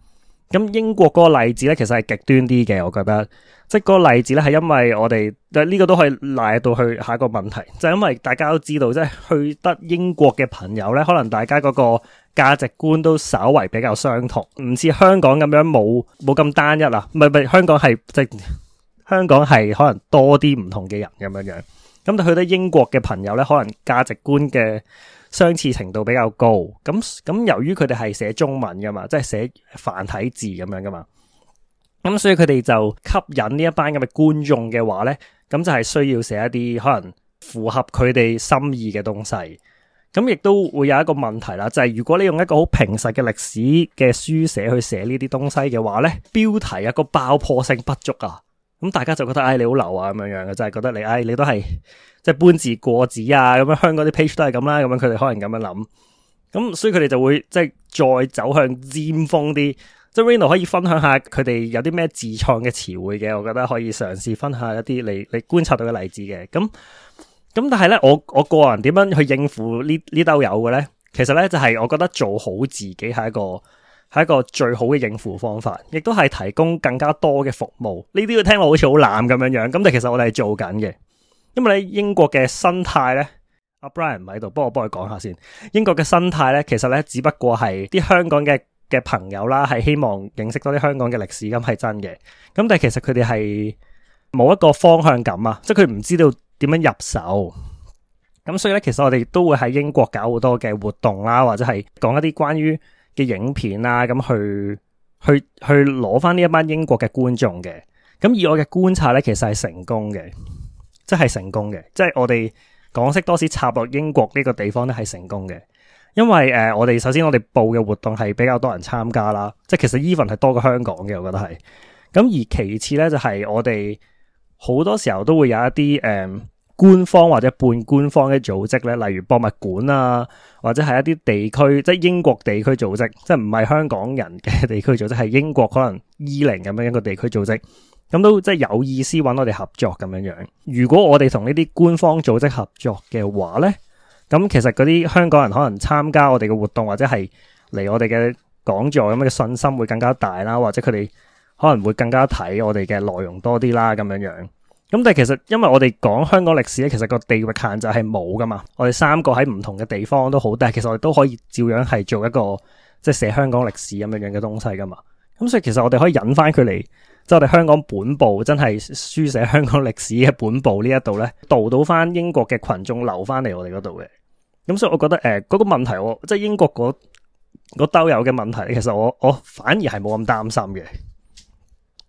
咁英國嗰個例子咧，其實係極端啲嘅，我覺得。即係嗰個例子咧，係因為我哋，呢個都可以拉到去下一個問題，就係因為大家都知道即係，去得英國嘅朋友咧，可能大家嗰個價值觀都稍為比較相同，唔似香港咁樣冇冇咁單一啦。唔係唔係，香港係即係香港係可能多啲唔同嘅人咁樣樣。咁就去到英國嘅朋友咧，可能價值觀嘅相似程度比較高。咁咁，由於佢哋係寫中文㗎嘛，即係寫繁體字咁樣㗎嘛。咁所以佢哋就吸引呢一班咁嘅觀眾嘅話咧，咁就係需要寫一啲可能符合佢哋心意嘅東西。咁亦都會有一個問題啦，就係如果你用一個好平實嘅歷史嘅書寫去寫呢啲東西嘅話咧，標題啊個爆破性不足啊。咁大家就覺得、哎，唉，你好流啊，咁樣樣嘅，就係覺得你，唉、哎，你都係即係搬字過紙啊，咁樣香港啲 page 都係咁啦，咁樣佢哋可能咁樣諗，咁、嗯、所以佢哋就會即係再走向尖鋒啲，即係 Reynold 可以分享下佢哋有啲咩自創嘅詞彙嘅，我覺得可以嘗試分享一啲你你觀察到嘅例子嘅，咁、嗯、咁、嗯、但係咧，我我個人點樣去應付呢呢兜友嘅咧？其實咧就係、是、我覺得做好自己係一個係一個最好嘅應付方法，亦都係提供更加多嘅服務。呢啲嘅聽落好似好懶咁樣樣，咁但其實我哋係做緊嘅。因為咧英國嘅生態咧，阿、啊、Brian 唔喺度，幫我幫佢講下先。英國嘅生態咧，其實咧只不過係啲香港嘅嘅朋友啦，係希望認識多啲香港嘅歷史咁係真嘅。咁但係其實佢哋係冇一個方向感啊，即係佢唔知道點樣入手。咁所以咧，其實我哋都會喺英國搞好多嘅活動啦，或者係講一啲關於。嘅影片啦、啊，咁去去去攞翻呢一班英國嘅觀眾嘅咁。以我嘅觀察呢，其實係成功嘅，即係成功嘅，即係我哋港識多史插落英國呢個地方呢，係成功嘅。因為誒、呃，我哋首先我哋報嘅活動係比較多人參加啦，即係其實 even 係多過香港嘅，我覺得係咁。而其次呢，就係、是、我哋好多時候都會有一啲誒，嗯官方或者半官方嘅組織咧，例如博物館啊，或者係一啲地區，即係英國地區組織，即係唔係香港人嘅地區組織，係英國可能二零咁樣一個地區組織，咁都即係有意思搵我哋合作咁樣樣。如果我哋同呢啲官方組織合作嘅話咧，咁其實嗰啲香港人可能參加我哋嘅活動或者係嚟我哋嘅講座咁樣嘅信心會更加大啦，或者佢哋可能會更加睇我哋嘅內容多啲啦，咁樣樣。咁但係其實因為我哋講香港歷史咧，其實個地域限制係冇噶嘛。我哋三個喺唔同嘅地方都好，但係其實我哋都可以照樣係做一個即係寫香港歷史咁樣樣嘅東西噶嘛。咁所以其實我哋可以引翻佢嚟，即係我哋香港本部真係書寫香港歷史嘅本部呢一度咧，導到翻英國嘅群眾留翻嚟我哋嗰度嘅。咁所以我覺得誒嗰個問題，即係英國嗰兜有嘅問題，其實我我反而係冇咁擔心嘅。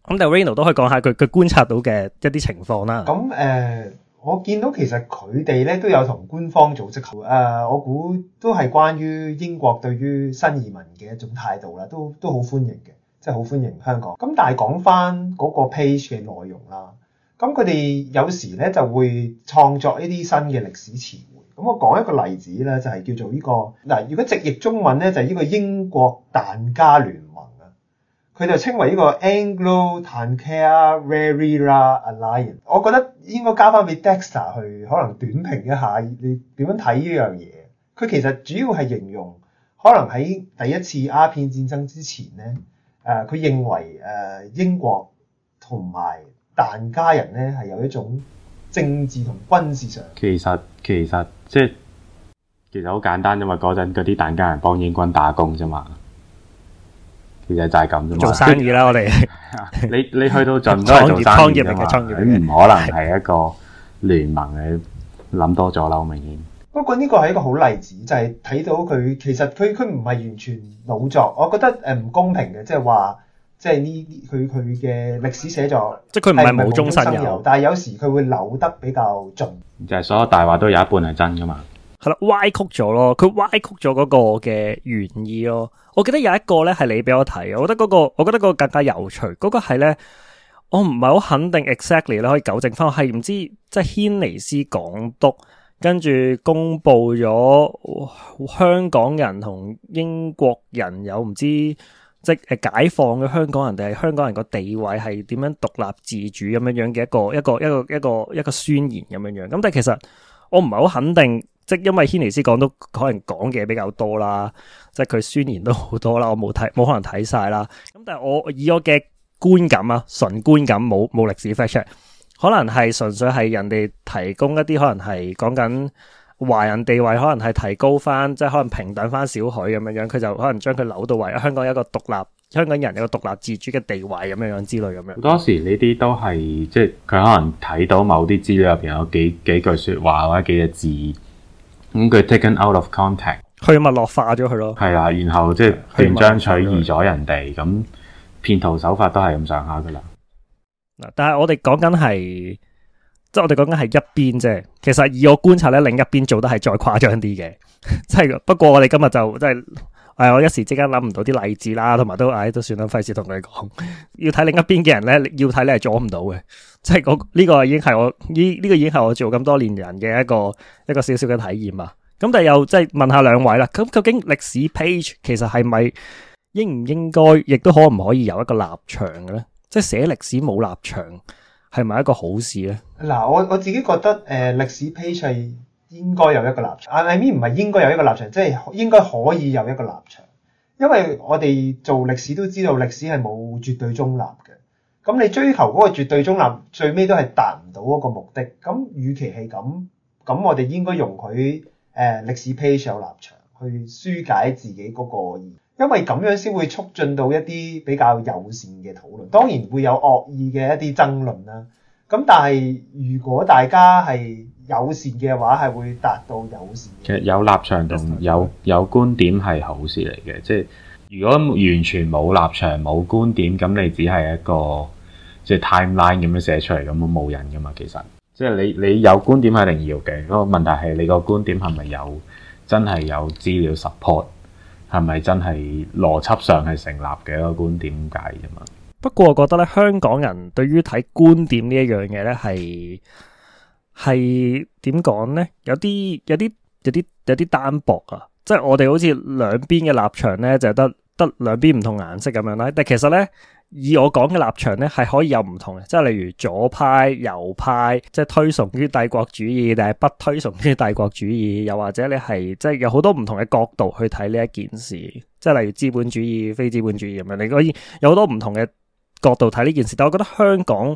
咁但係 Reynold 都可以講下佢佢觀察到嘅一啲情況啦。咁誒、呃，我見到其實佢哋咧都有同官方組織，誒、呃，我估都係關於英國對於新移民嘅一種態度啦，都都好歡迎嘅，即係好歡迎香港。咁但係講翻嗰個 page 嘅內容啦，咁佢哋有時咧就會創作一啲新嘅歷史詞彙。咁我講一個例子啦，就係、是、叫做呢、這個嗱，如果直譯中文咧，就係、是、呢個英國但加聯。佢就稱為呢個 Anglo- 坦喀拉拉瑞 r、er、Alliance。我覺得應該加翻俾 Dexter 去可能短評一下，你點樣睇呢樣嘢。佢其實主要係形容可能喺第一次鴉片、e、戰爭之前咧，誒、呃、佢認為誒、呃、英國同埋蛋家人咧係有一種政治同軍事上其實其實即係、就是、其實好簡單啫嘛！嗰陣嗰啲蛋家人幫英軍打工啫嘛。其實就係咁啫嘛，做生意啦， 我哋你你去到盡都係做生意嘅，業業你唔可能係一個聯盟是的 你諗多咗啦，好明顯。不過呢個係一個好例子，就係、是、睇到佢其實佢佢唔係完全老作，我覺得誒唔公平嘅，就是就是、即係話即係呢佢佢嘅歷史寫作，即係佢唔係冇中生有嘅，但係有時佢會扭得比較盡，就係所有大話都有一半係真噶嘛。係啦，歪曲咗咯，佢歪曲咗嗰個嘅原意咯、哦。我記得有一個咧係你俾我睇，我覺得嗰、那個，我覺得嗰個更加有趣。嗰、那個係咧，我唔係好肯定，exactly 咧可以糾正翻，係唔知即係軒尼斯港督跟住公布咗、呃、香港人同英國人有唔知即係誒解放嘅香港人定係香港人個地位係點樣獨立自主咁樣樣嘅一個一個一個一個一個，一個宣言咁樣樣。咁但係其實我唔係好肯定。即係因為軒尼詩講都可能講嘅比較多啦，即係佢宣言都好多啦，我冇睇冇可能睇晒啦。咁但係我以我嘅觀感啊，純觀感冇冇歷史 fact，可能係純粹係人哋提供一啲可能係講緊華人地位可能係提高翻，即係可能平等翻少許咁樣樣，佢就可能將佢扭到為香港一個獨立香港人有一個獨立自主嘅地位咁樣樣之類咁樣。當時呢啲都係即係佢可能睇到某啲資料入邊有幾幾句説話或者幾隻字。咁佢 taking out of contact，佢咪落化咗佢咯？係啊，然後即係斷章取義咗人哋，咁騙徒手法都係咁上下噶啦。嗱，但係我哋講緊係，即係我哋講緊係一邊啫。其實以我觀察咧，另一邊做得係再誇張啲嘅。即係不過我哋今日就即係，唉，我一時之間諗唔到啲例子啦，同埋都唉都算啦，費事同佢講。要睇另一邊嘅人咧，要睇咧係阻唔到嘅。即係呢個已經係我依呢、這個已經係我做咁多年人嘅一個一個小小嘅體驗啊！咁但係又即係問下兩位啦，咁究竟歷史 page 其實係咪應唔應該，亦都可唔可以有一個立場嘅咧？即係寫歷史冇立場係咪一個好事咧？嗱，我我自己覺得，誒、呃，歷史 page 應該有一個立場。I mean 唔係應該有一個立場，即係應該可以有一個立場，因為我哋做歷史都知道歷史係冇絕對中立嘅。咁你追求嗰個絕對中立，最尾都係達唔到嗰個目的。咁，與其係咁，咁我哋應該用佢誒歷史 page 有立場去疏解自己嗰個，因為咁樣先會促進到一啲比較友善嘅討論。當然會有惡意嘅一啲爭論啦。咁但係如果大家係友善嘅話，係會達到友善。其實有立場同有有觀點係好事嚟嘅，即係。如果完全冇立場、冇觀點，咁你只係一個即係、就是、timeline 咁樣寫出嚟，咁冇人噶嘛？其實，即係你你有觀點係定要嘅，嗰個問題係你個觀點係咪有真係有資料 support，係咪真係邏輯上係成立嘅一個觀點解啫嘛？不過我覺得咧，香港人對於睇觀點呢一樣嘢咧，係係點講咧？有啲有啲有啲有啲單薄啊！即係我哋好似兩邊嘅立場咧，就得。得兩邊唔同顏色咁樣啦，但其實呢，以我講嘅立場呢，係可以有唔同嘅，即係例如左派、右派，即係推崇於帝國主義，定係不推崇於帝國主義，又或者你係即係有好多唔同嘅角度去睇呢一件事，即係例如資本主義、非資本主義咁樣，你可以有好多唔同嘅角度睇呢件事，但我覺得香港。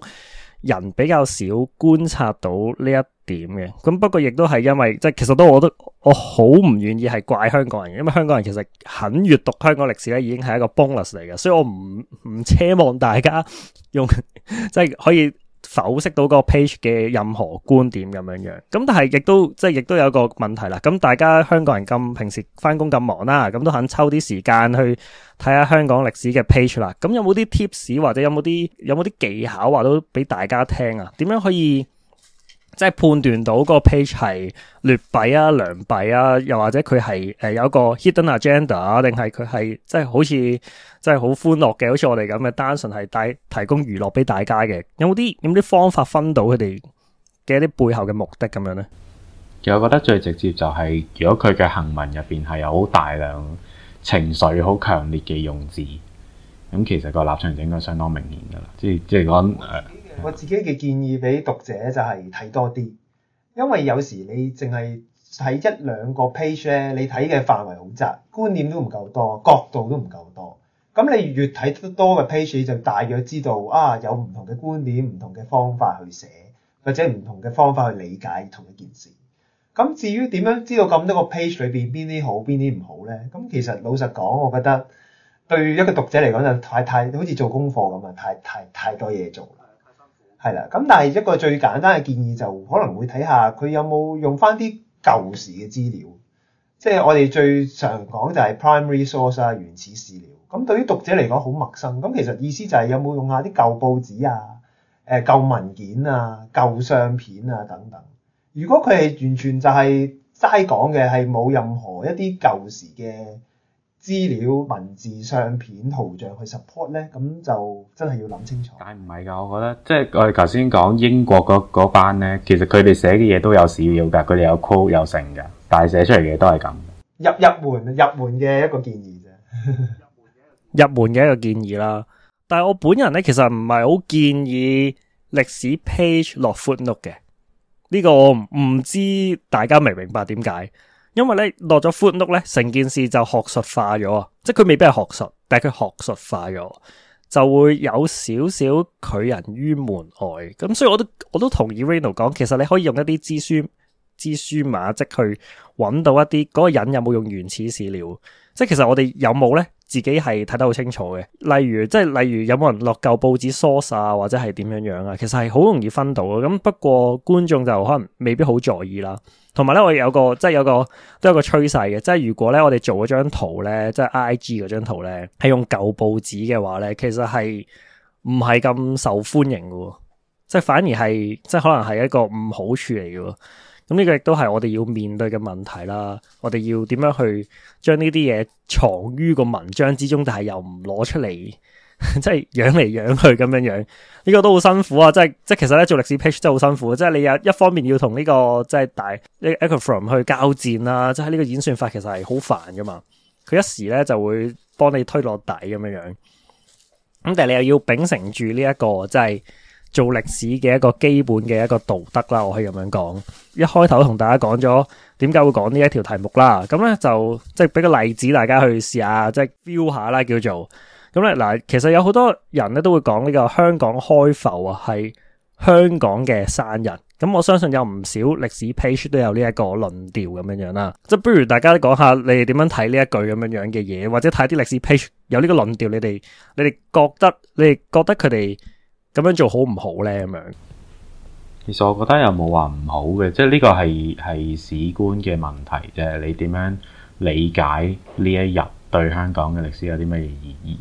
人比較少觀察到呢一點嘅，咁不過亦都係因為即係，其實都我覺得我好唔願意係怪香港人嘅，因為香港人其實肯閱讀香港歷史咧，已經係一個 bonus 嚟嘅，所以我唔唔奢望大家用即係可以。剖析到個 page 嘅任何觀點咁樣樣，咁但係亦都即係亦都有個問題啦。咁大家香港人咁平時返工咁忙啦，咁都肯抽啲時間去睇下香港歷史嘅 page 啦。咁有冇啲 tips 或者有冇啲有冇啲技巧話都俾大家聽啊？點樣可以，即係判斷到個 page 係劣幣啊、良幣啊，又或者佢係誒有一個 hidden agenda，定係佢係即係好似即係好歡樂嘅，好似我哋咁嘅單純係帶提供娛樂俾大家嘅，有冇啲有啲方法分到佢哋嘅一啲背後嘅目的咁樣咧？其實我覺得最直接就係、是、如果佢嘅行文入邊係有好大量情緒好強烈嘅用字，咁其實個立場就應該相當明顯噶啦，即係即係講誒。呃我自己嘅建議俾讀者就係睇多啲，因為有時你淨係睇一兩個 page 咧，你睇嘅範圍好窄，觀念都唔夠多，角度都唔夠多。咁你越睇得多嘅 page，就大約知道啊有唔同嘅觀點、唔同嘅方法去寫，或者唔同嘅方法去理解同一件事。咁至於點樣知道咁多個 page 裏邊邊啲好、邊啲唔好咧？咁其實老實講，我覺得對一個讀者嚟講就太太好似做功課咁啊，太太太多嘢做。係啦，咁但係一個最簡單嘅建議就可能會睇下佢有冇用翻啲舊時嘅資料，即係我哋最常講就係 primary source 啊原始史料。咁對於讀者嚟講好陌生。咁其實意思就係有冇用下啲舊報紙啊、誒舊文件啊、舊相片啊等等。如果佢係完全就係齋講嘅，係冇任何一啲舊時嘅資料、文字、相片、圖像去 support 咧，咁就真係要諗清楚。但唔係㗎，我覺得即係我哋頭先講英國嗰班咧，其實佢哋寫嘅嘢都有史料㗎，佢哋有 quote 有成㗎，但係寫出嚟嘅都係咁。入門入門入門嘅一個建議啫， 入門嘅一個建議啦。但係我本人咧，其實唔係好建議歷史 page 落 footnote 嘅。呢、這個我唔知大家明唔明白點解？因為咧落咗 footnote 咧，成件事就學術化咗啊！即係佢未必係學術，但係佢學術化咗，就會有少少拒人於門外。咁所以我都我都同意 Reynold 講，其實你可以用一啲蛛絲蛛絲馬跡去揾到一啲嗰、嗰個人有冇用原始史料。即係其實我哋有冇咧，自己係睇得好清楚嘅。例如，即係例如有冇人落舊報紙 source 啊，或者係點樣樣啊，其實係好容易分到嘅。咁不過觀眾就可能未必好在意啦。同埋咧，我有個即係有個都有個趨勢嘅，即係如果咧我哋做嗰張圖咧，即係 IG 嗰張圖咧，係用舊報紙嘅話咧，其實係唔係咁受歡迎嘅，即係反而係即係可能係一個唔好處嚟嘅。咁呢個亦都係我哋要面對嘅問題啦，我哋要點樣去將呢啲嘢藏於個文章之中，但係又唔攞出嚟、 這個，即係養嚟養去咁樣樣，呢個都好辛苦啊！即係即係其實咧做歷史 page 真係好辛苦，即係你又一方面要同呢、這個即係大呢 Echo From 去交戰啦，即係呢個演算法其實係好煩噶嘛，佢一時咧就會幫你推落底咁樣樣，咁但係你又要秉承住呢一個即係。做歷史嘅一個基本嘅一個道德啦，我可以咁樣講。一開頭同大家講咗，點解會講呢一條題目啦？咁咧就即係俾個例子，大家去試下即係 feel 下啦，叫做咁咧嗱。其實有好多人咧都會講呢個香港開埠啊，係香港嘅生日。咁我相信有唔少歷史 page 都有呢一個論調咁樣樣啦。即係不如大家都講下你哋點樣睇呢一句咁樣樣嘅嘢，或者睇啲歷史 page 有呢個論調，你哋你哋覺得你哋覺得佢哋。咁樣做好唔好呢？咁樣，其實我覺得又冇話唔好嘅，即係呢個係係史觀嘅問題，即係你點樣理解呢一日對香港嘅歷史有啲乜嘢意義？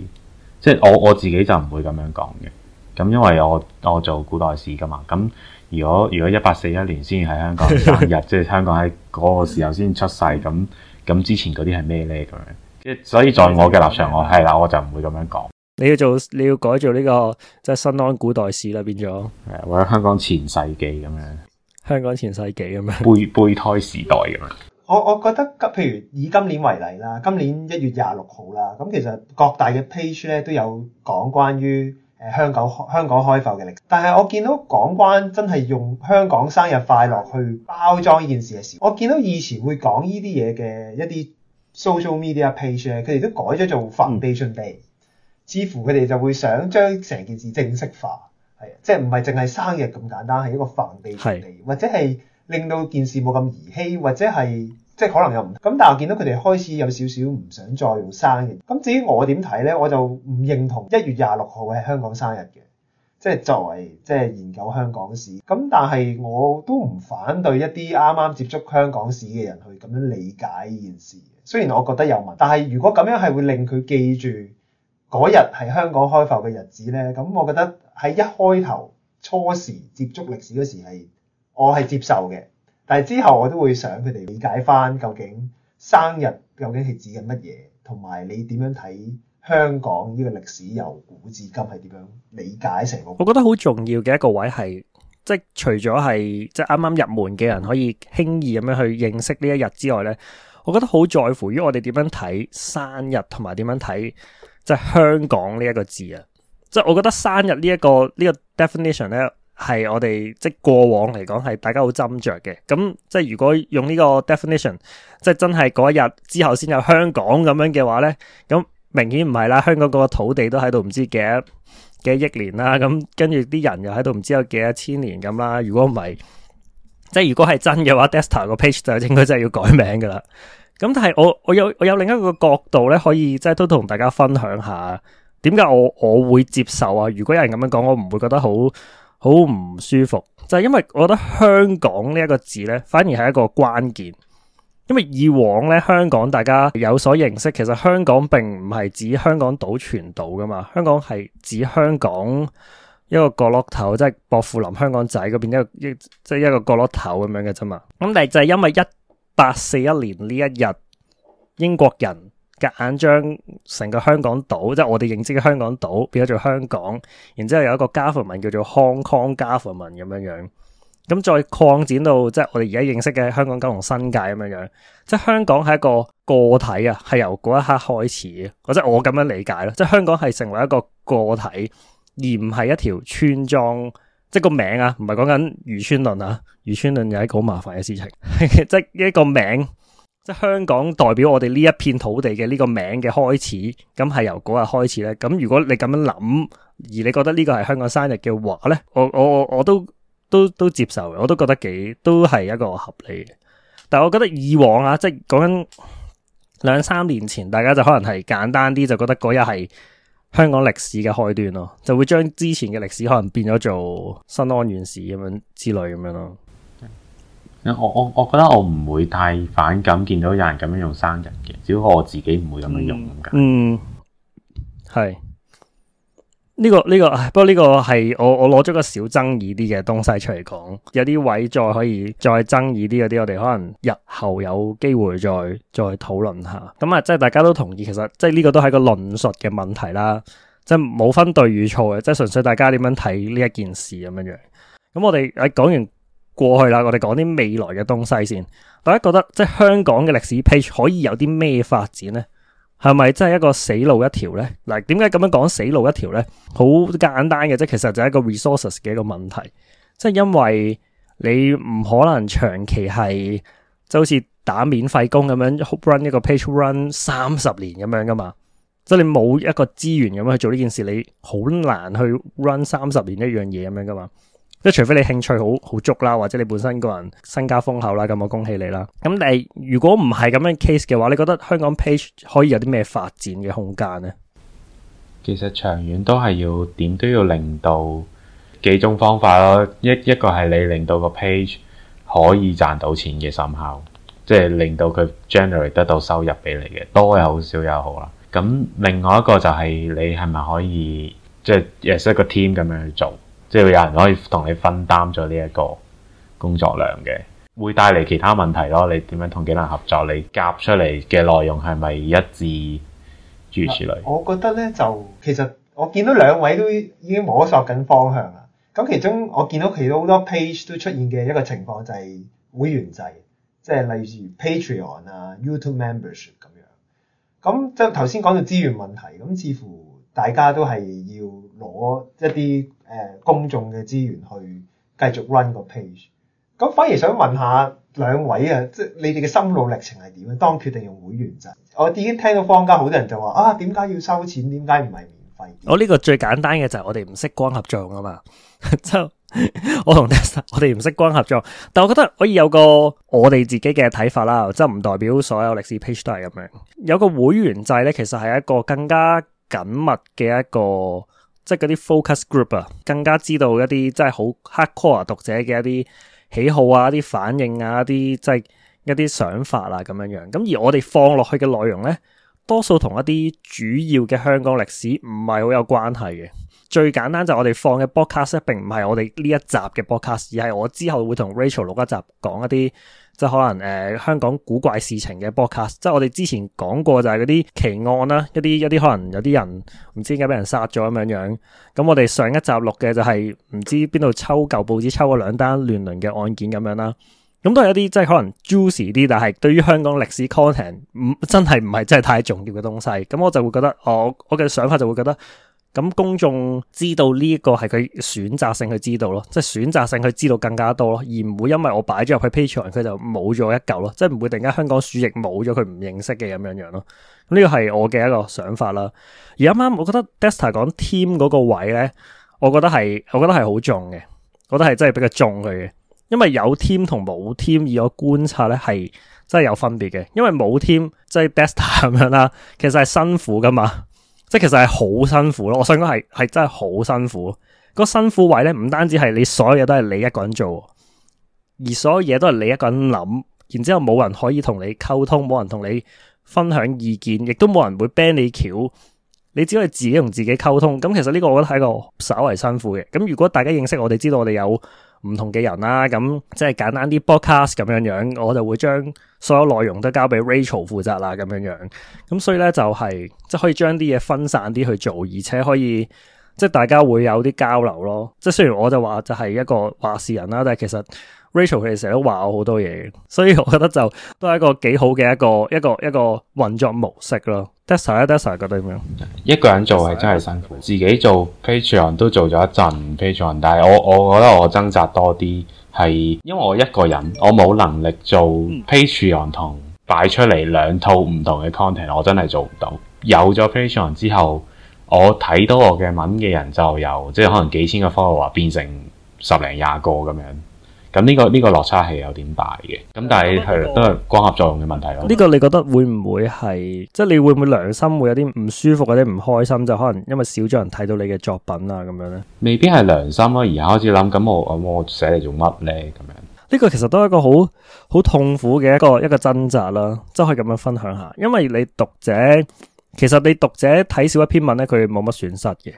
即係我我自己就唔會咁樣講嘅。咁因為我我做古代史噶嘛，咁如果如果一八四一年先喺香港生 日，即係香港喺嗰個時候先出世，咁咁之前嗰啲係咩呢？咁樣，所以在我嘅立場，我係啦，我就唔會咁樣講。你要做，你要改做呢個即係新安古代史啦，變咗，或者香港前世紀咁樣，香港前世紀咁樣，背背胎時代咁樣。我我覺得，譬如以今年為例啦，今年一月廿六號啦，咁其實各大嘅 page 咧都有講關於誒香港香港開埠嘅歷史，但係我見到講關真係用香港生日快樂去包裝呢件事嘅時，我見到以前會講呢啲嘢嘅一啲 social media page 咧，佢哋都改咗做 Foun 似乎佢哋就會想將成件事正式化，係即係唔係淨係生日咁簡單，係一個防地地，的或者係令到件事冇咁兒戲，或者係即係可能又唔咁，但係我見到佢哋開始有少少唔想再用生日。咁至於我點睇呢？我就唔認同一月廿六號係香港生日嘅，即係作為即係研究香港史。咁但係我都唔反對一啲啱啱接觸香港史嘅人去咁樣理解呢件事。雖然我覺得有問，但係如果咁樣係會令佢記住。嗰日係香港開埠嘅日子呢。咁我覺得喺一開頭初時接觸歷史嗰時係我係接受嘅，但係之後我都會想佢哋理解返究竟生日究竟係指緊乜嘢，同埋你點樣睇香港呢個歷史由古至今係點樣理解成。我覺得好重要嘅一個位係即係除咗係即啱啱入門嘅人可以輕易咁樣去認識呢一日之外呢，我覺得好在乎於我哋點樣睇生日同埋點樣睇。即係香港呢一個字啊！即係我覺得生日呢一個呢個 definition 咧，係我哋即係過往嚟講係大家好斟酌嘅。咁即係如果用呢個 definition，即係真係嗰一日之後先有香港咁樣嘅話咧，咁明顯唔係啦。香港嗰個土地都喺度唔知幾多幾億年啦，咁跟住啲人又喺度唔知有幾多千年咁啦。如果唔係，即係如果係真嘅話，Dexter 個 page 就應該真係要改名噶啦。咁但係我我有我有另一個角度咧，可以即係都同大家分享下，點解我我會接受啊？如果有人咁樣講，我唔會覺得好好唔舒服，就係因為我覺得香港呢一個字咧，反而係一個關鍵。因為以往咧，香港大家有所認識，其實香港並唔係指香港島全島噶嘛，香港係指香港一個角落頭，即係薄扶林香港仔嗰邊一個一即係一個角落頭咁樣嘅啫嘛。咁但係就係因為一八四一年呢一日，英國人夾硬將成個香港島，即係我哋認識嘅香港島，變咗做香港，然之後有一個 Government 叫做《Hong Kong Government》咁樣樣，咁再擴展到即係我哋而家認識嘅香港九龍新界咁樣樣，即係香港係一個個體啊，係由嗰一刻開始嘅，或者我咁樣理解咯，即係香港係成為一個個體，而唔係一條村莊。即個名啊，唔係講緊漁村論啊，漁村論又係一個好麻煩嘅事情。 即一個名，即香港代表我哋呢一片土地嘅呢個名嘅開始，咁係由嗰日開始咧。咁如果你咁樣諗，而你覺得呢個係香港生日嘅話咧，我我我我都都都，都接受嘅，我都覺得幾都係一個合理嘅。但係我覺得以往啊，即講緊兩三年前，大家就可能係簡單啲，就覺得嗰日係。香港歷史嘅開端咯，就會將之前嘅歷史可能變咗做新安縣史咁樣之類咁樣咯。我我我覺得我唔會太反感見到有人咁樣用生日嘅，只不過我自己唔會咁樣用噶、嗯。嗯，係。呢、這個呢、這個，不過呢個係我我攞咗個小爭議啲嘅東西出嚟講，有啲位再可以再爭議啲嗰啲，我哋可能日後有機會再再討論下。咁啊，即係大家都同意，其實即係呢個都係一個論述嘅問題啦，即係冇分對與錯嘅，即係純粹大家點樣睇呢一件事咁樣樣。咁我哋喺講完過去啦，我哋講啲未來嘅東西先。大家覺得即係香港嘅歷史 page 可以有啲咩發展呢？係咪真係一個死路一條咧？嗱，點解咁樣講死路一條咧？好簡單嘅啫，其實就係一個 resources 嘅一個問題，即係因為你唔可能長期係就好似打免費工咁樣 run 一個 page run 三十年咁樣噶嘛，即係你冇一個資源咁樣去做呢件事，你好難去 run 三十年一樣嘢咁樣噶嘛。即除非你興趣好好足啦，或者你本身個人身家豐厚啦，咁我恭喜你啦。咁但係如果唔係咁樣的 case 嘅話，你覺得香港 page 可以有啲咩發展嘅空間呢？其實長遠都係要點都要令到幾種方法咯。一一個係你令到個 page 可以賺到錢嘅成效，即係令到佢 generate 得到收入俾你嘅多又好少又好啦。咁另外一個就係你係咪可以即係亦識個 team 咁樣去做？即係有人可以同你分擔咗呢一個工作量嘅，會帶嚟其他問題咯。你點樣同幾難合作？你夾出嚟嘅內容係咪一致？諸如此類，我覺得呢就其實我見到兩位都已經摸索緊方向啦。咁其中我見到其實好多 page 都出現嘅一個情況就係會員制，即係例如 Patreon 啊、YouTube Membership 咁樣。咁即係頭先講到資源問題，咁似乎大家都係要攞一啲。誒，公眾嘅資源去繼續 run 個 page，咁反而想問下兩位啊，即係你哋嘅心路歷程係點咧？當決定用會員制，我已經聽到坊間好多人就話啊，點解要收錢？點解唔係免費？我呢個最簡單嘅就係我哋唔識光合作用啊嘛，即 我同 Dexter 我哋唔識光合作用，但我覺得可以有個我哋自己嘅睇法啦，即係唔代表所有歷史 page 都係咁樣。有個會員制咧，其實係一個更加緊密嘅一個。即係嗰啲 focus group 啊，更加知道一啲真係好 hardcore 啊，讀者嘅一啲喜好啊、一啲反應啊、一啲即係一啲想法啊咁樣樣。咁而我哋放落去嘅內容咧，多數同一啲主要嘅香港歷史唔係好有關係嘅。最簡單就係我哋放嘅 podcast 並唔係我哋呢一集嘅 podcast，而係我之後會同 Rachel 錄一集講一啲即係可能誒、呃、香港古怪事情嘅 podcast。即係我哋之前講過就係嗰啲奇案啦，一啲一啲可能有啲人唔知點解俾人殺咗咁樣樣。咁我哋上一集錄嘅就係、是、唔知邊度抽舊報紙抽咗兩單亂倫嘅案件咁樣啦。咁都係一啲即係可能 juicy 啲，但係對於香港歷史 content 唔真係唔係真係太重要嘅東西。咁我就會覺得我我嘅想法就會覺得。咁公眾知道呢一個係佢選擇性去知道咯，即係選擇性去知道更加多咯，而唔會因為我擺咗入去 page 佢就冇咗一嚿咯，即係唔會突然間香港鼠疫冇咗佢唔認識嘅咁樣樣咯。咁呢個係我嘅一個想法啦。而啱啱我覺得 Dexter 講 team 嗰個位咧，我覺得係我覺得係好重嘅，我覺得係真係比較重佢嘅，因為有 team 同冇 team 以我觀察咧係真係有分別嘅，因為冇 team 即係 Dexter 咁樣啦，其實係辛苦噶嘛。即其實係好辛苦咯，我想講係係真係好辛苦。個辛苦位咧，唔單止係你所有嘢都係你一個人做，而所有嘢都係你一個人諗，然之後冇人可以同你溝通，冇人同你分享意見，亦都冇人會 ban 你橋，你只可以自己同自己溝通。咁其實呢個我覺得係一個稍為辛苦嘅。咁如果大家認識我哋，知道我哋有。唔同嘅人啦、啊，咁即係簡單啲 broadcast 咁樣樣，我就會將所有內容都交俾 Rachel 負責啦，咁樣樣，咁所以呢，就係、是、即係可以將啲嘢分散啲去做，而且可以即係大家會有啲交流咯，即係雖然我就話就係一個話事人啦，但係其實。Rachel 佢哋成日都話我好多嘢，所以我覺得就都係一個幾好嘅一個一個一個運作模式咯。Dexter 咧，Dexter 覺得點樣？一個人做係真係辛苦，啊、自己做 Patreon 都做咗一陣 Patreon，但係我我覺得我掙扎多啲係因為我一個人，我冇能力做 Patreon 同擺出嚟兩套唔同嘅 content，我真係做唔到。有咗 Patreon 之後，我睇到我嘅文嘅人就由即係可能幾千個 follower 變成十零廿個咁樣。咁呢個呢個落差係有點大嘅？咁但係係都係光合作用嘅問題咯。呢個你覺得會唔會係？即係你會唔會良心會有啲唔舒服，或者唔開心？就可能因為少咗人睇到你嘅作品啊，咁樣咧？未必係良心咯，而家開始諗，咁我咁我寫嚟做乜咧？咁樣呢個其實都係一個好好痛苦嘅一個一個掙扎啦，即係可以咁樣分享下，因為你讀者。其實你讀者睇少一篇文咧，佢冇乜損失嘅。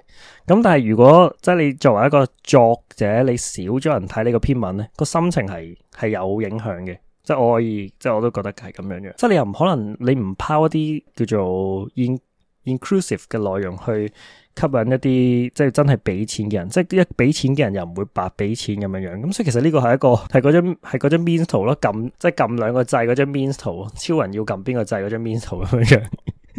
咁但係如果即係你作為一個作者，你少咗人睇呢個篇文咧，個心情係係有影響嘅。即係我可以，即係我都覺得係咁樣樣。即係你又唔可能你，你唔拋一啲叫做 in inclusive 嘅內容去吸引一啲即係真係俾錢嘅人。即係一俾錢嘅人又唔會白俾錢咁樣樣。咁、嗯、所以其實呢個係一個係嗰張係嗰張 mental 咯，撳即係撳兩個掣嗰張 mental。超人要撳邊個掣嗰張 mental 咁樣樣。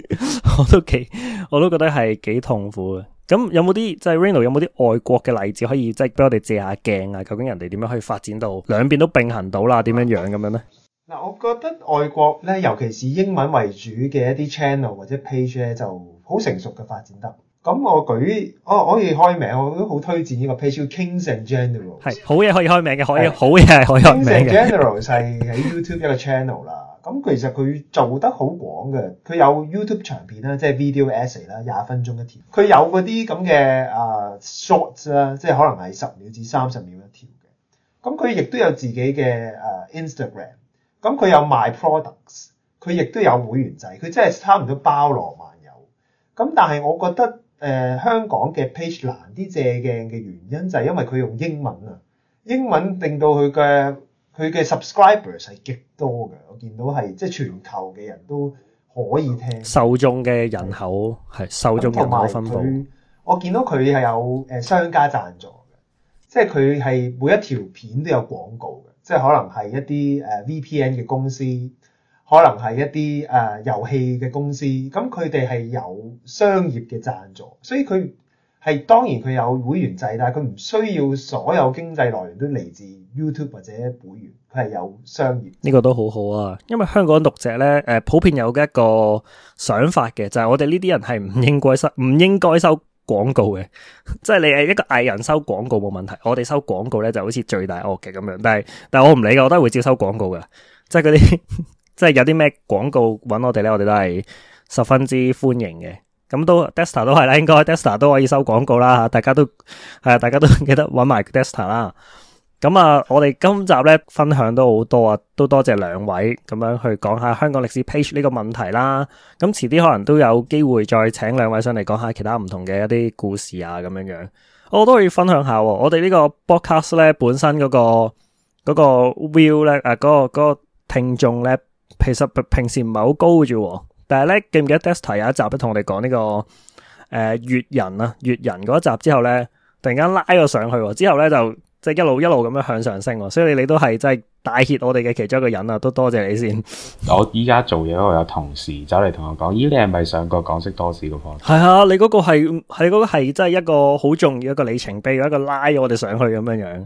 我都幾，我都覺得係幾痛苦嘅。咁有冇啲即係 Reynold 有冇啲外國嘅例子可以即係俾我哋借下鏡啊？究竟人哋點樣可以發展到兩邊都並行到啦？點樣樣咁樣咧？嗱、嗯，我覺得外國咧，尤其是英文為主嘅一啲 channel 或者 page 咧，就好成熟嘅發展得。咁我舉，哦可以開名，我都好推薦呢個 Page 叫 Kings and Generals 好嘢可以開名嘅，可以好嘢是可以開名 Kings and Generals 係喺 YouTube 一個 channel 啦。咁 其實佢做得好廣嘅，佢有 YouTube 長片啦，即係 video essay 啦，廿分鐘一條。佢有嗰啲咁嘅啊 shorts 啦，即係可能係十秒至三十秒一條嘅。咁佢亦都有自己嘅啊、uh, Instagram。咁佢有賣 products，佢亦都有會員制，佢真係差唔多包羅萬有。咁但係我覺得。誒、呃、香港嘅 page 難啲借鏡嘅原因就係因為佢用英文啊，英文令到佢嘅佢嘅 subscribers 係極多嘅，我見到係即係全球嘅人都可以聽。受眾嘅人口係受眾嘅人口分佈，嗯、我見到佢係有誒商家贊助嘅，即係佢係每一條片都有廣告嘅，即係可能係一啲誒 VPN 嘅公司。可能係一啲誒、呃、遊戲嘅公司，咁佢哋係有商業嘅贊助，所以佢係當然佢有會員制，但係佢唔需要所有經濟來源都嚟自 YouTube 或者會員，佢係有商業。呢個都好好啊，因為香港讀者咧誒，普遍有嘅一個想法嘅就係、是、我哋呢啲人係唔應該收唔應該收廣告嘅，即 係你係一個藝人收廣告冇問題，我哋收廣告咧就好似罪大惡極咁樣。但係但係我唔理噶，我都會照收廣告噶，即係嗰啲。即係有啲咩廣告揾我哋呢？我哋都係十分之歡迎嘅。咁都 Dexter 都係啦，應該 Dexter 都可以收廣告啦，大家都係啊，大家都記得揾埋 Dexter 啦。咁啊，我哋今集呢分享都好多啊，都多謝兩位咁樣去講下香港歷史 page 呢個問題啦。咁遲啲可能都有機會再請兩位上嚟講下其他唔同嘅一啲故事啊咁樣樣，我都可以分享下、啊。我哋呢個 broadcast 咧本身嗰個嗰個 view 呢，啊嗰個嗰個聽眾咧。其實平時唔係好高嘅啫，但係咧，記唔記得 Dexter 有一集同我哋講呢個誒粵、呃、人啊，粵人嗰一集之後咧，突然間拉咗上去，之後咧就即係、就是、一路一路咁樣向上升，所以你都係真係大 heat 我哋嘅其中一個人啊，都多謝，謝你先我。我依家做嘢嗰度有同事走嚟同我講，咦，你係咪上過港識多史嘅課？係啊，你嗰個係，係個係真係一個好重要一個里程碑，一個拉咗我哋上去咁樣樣。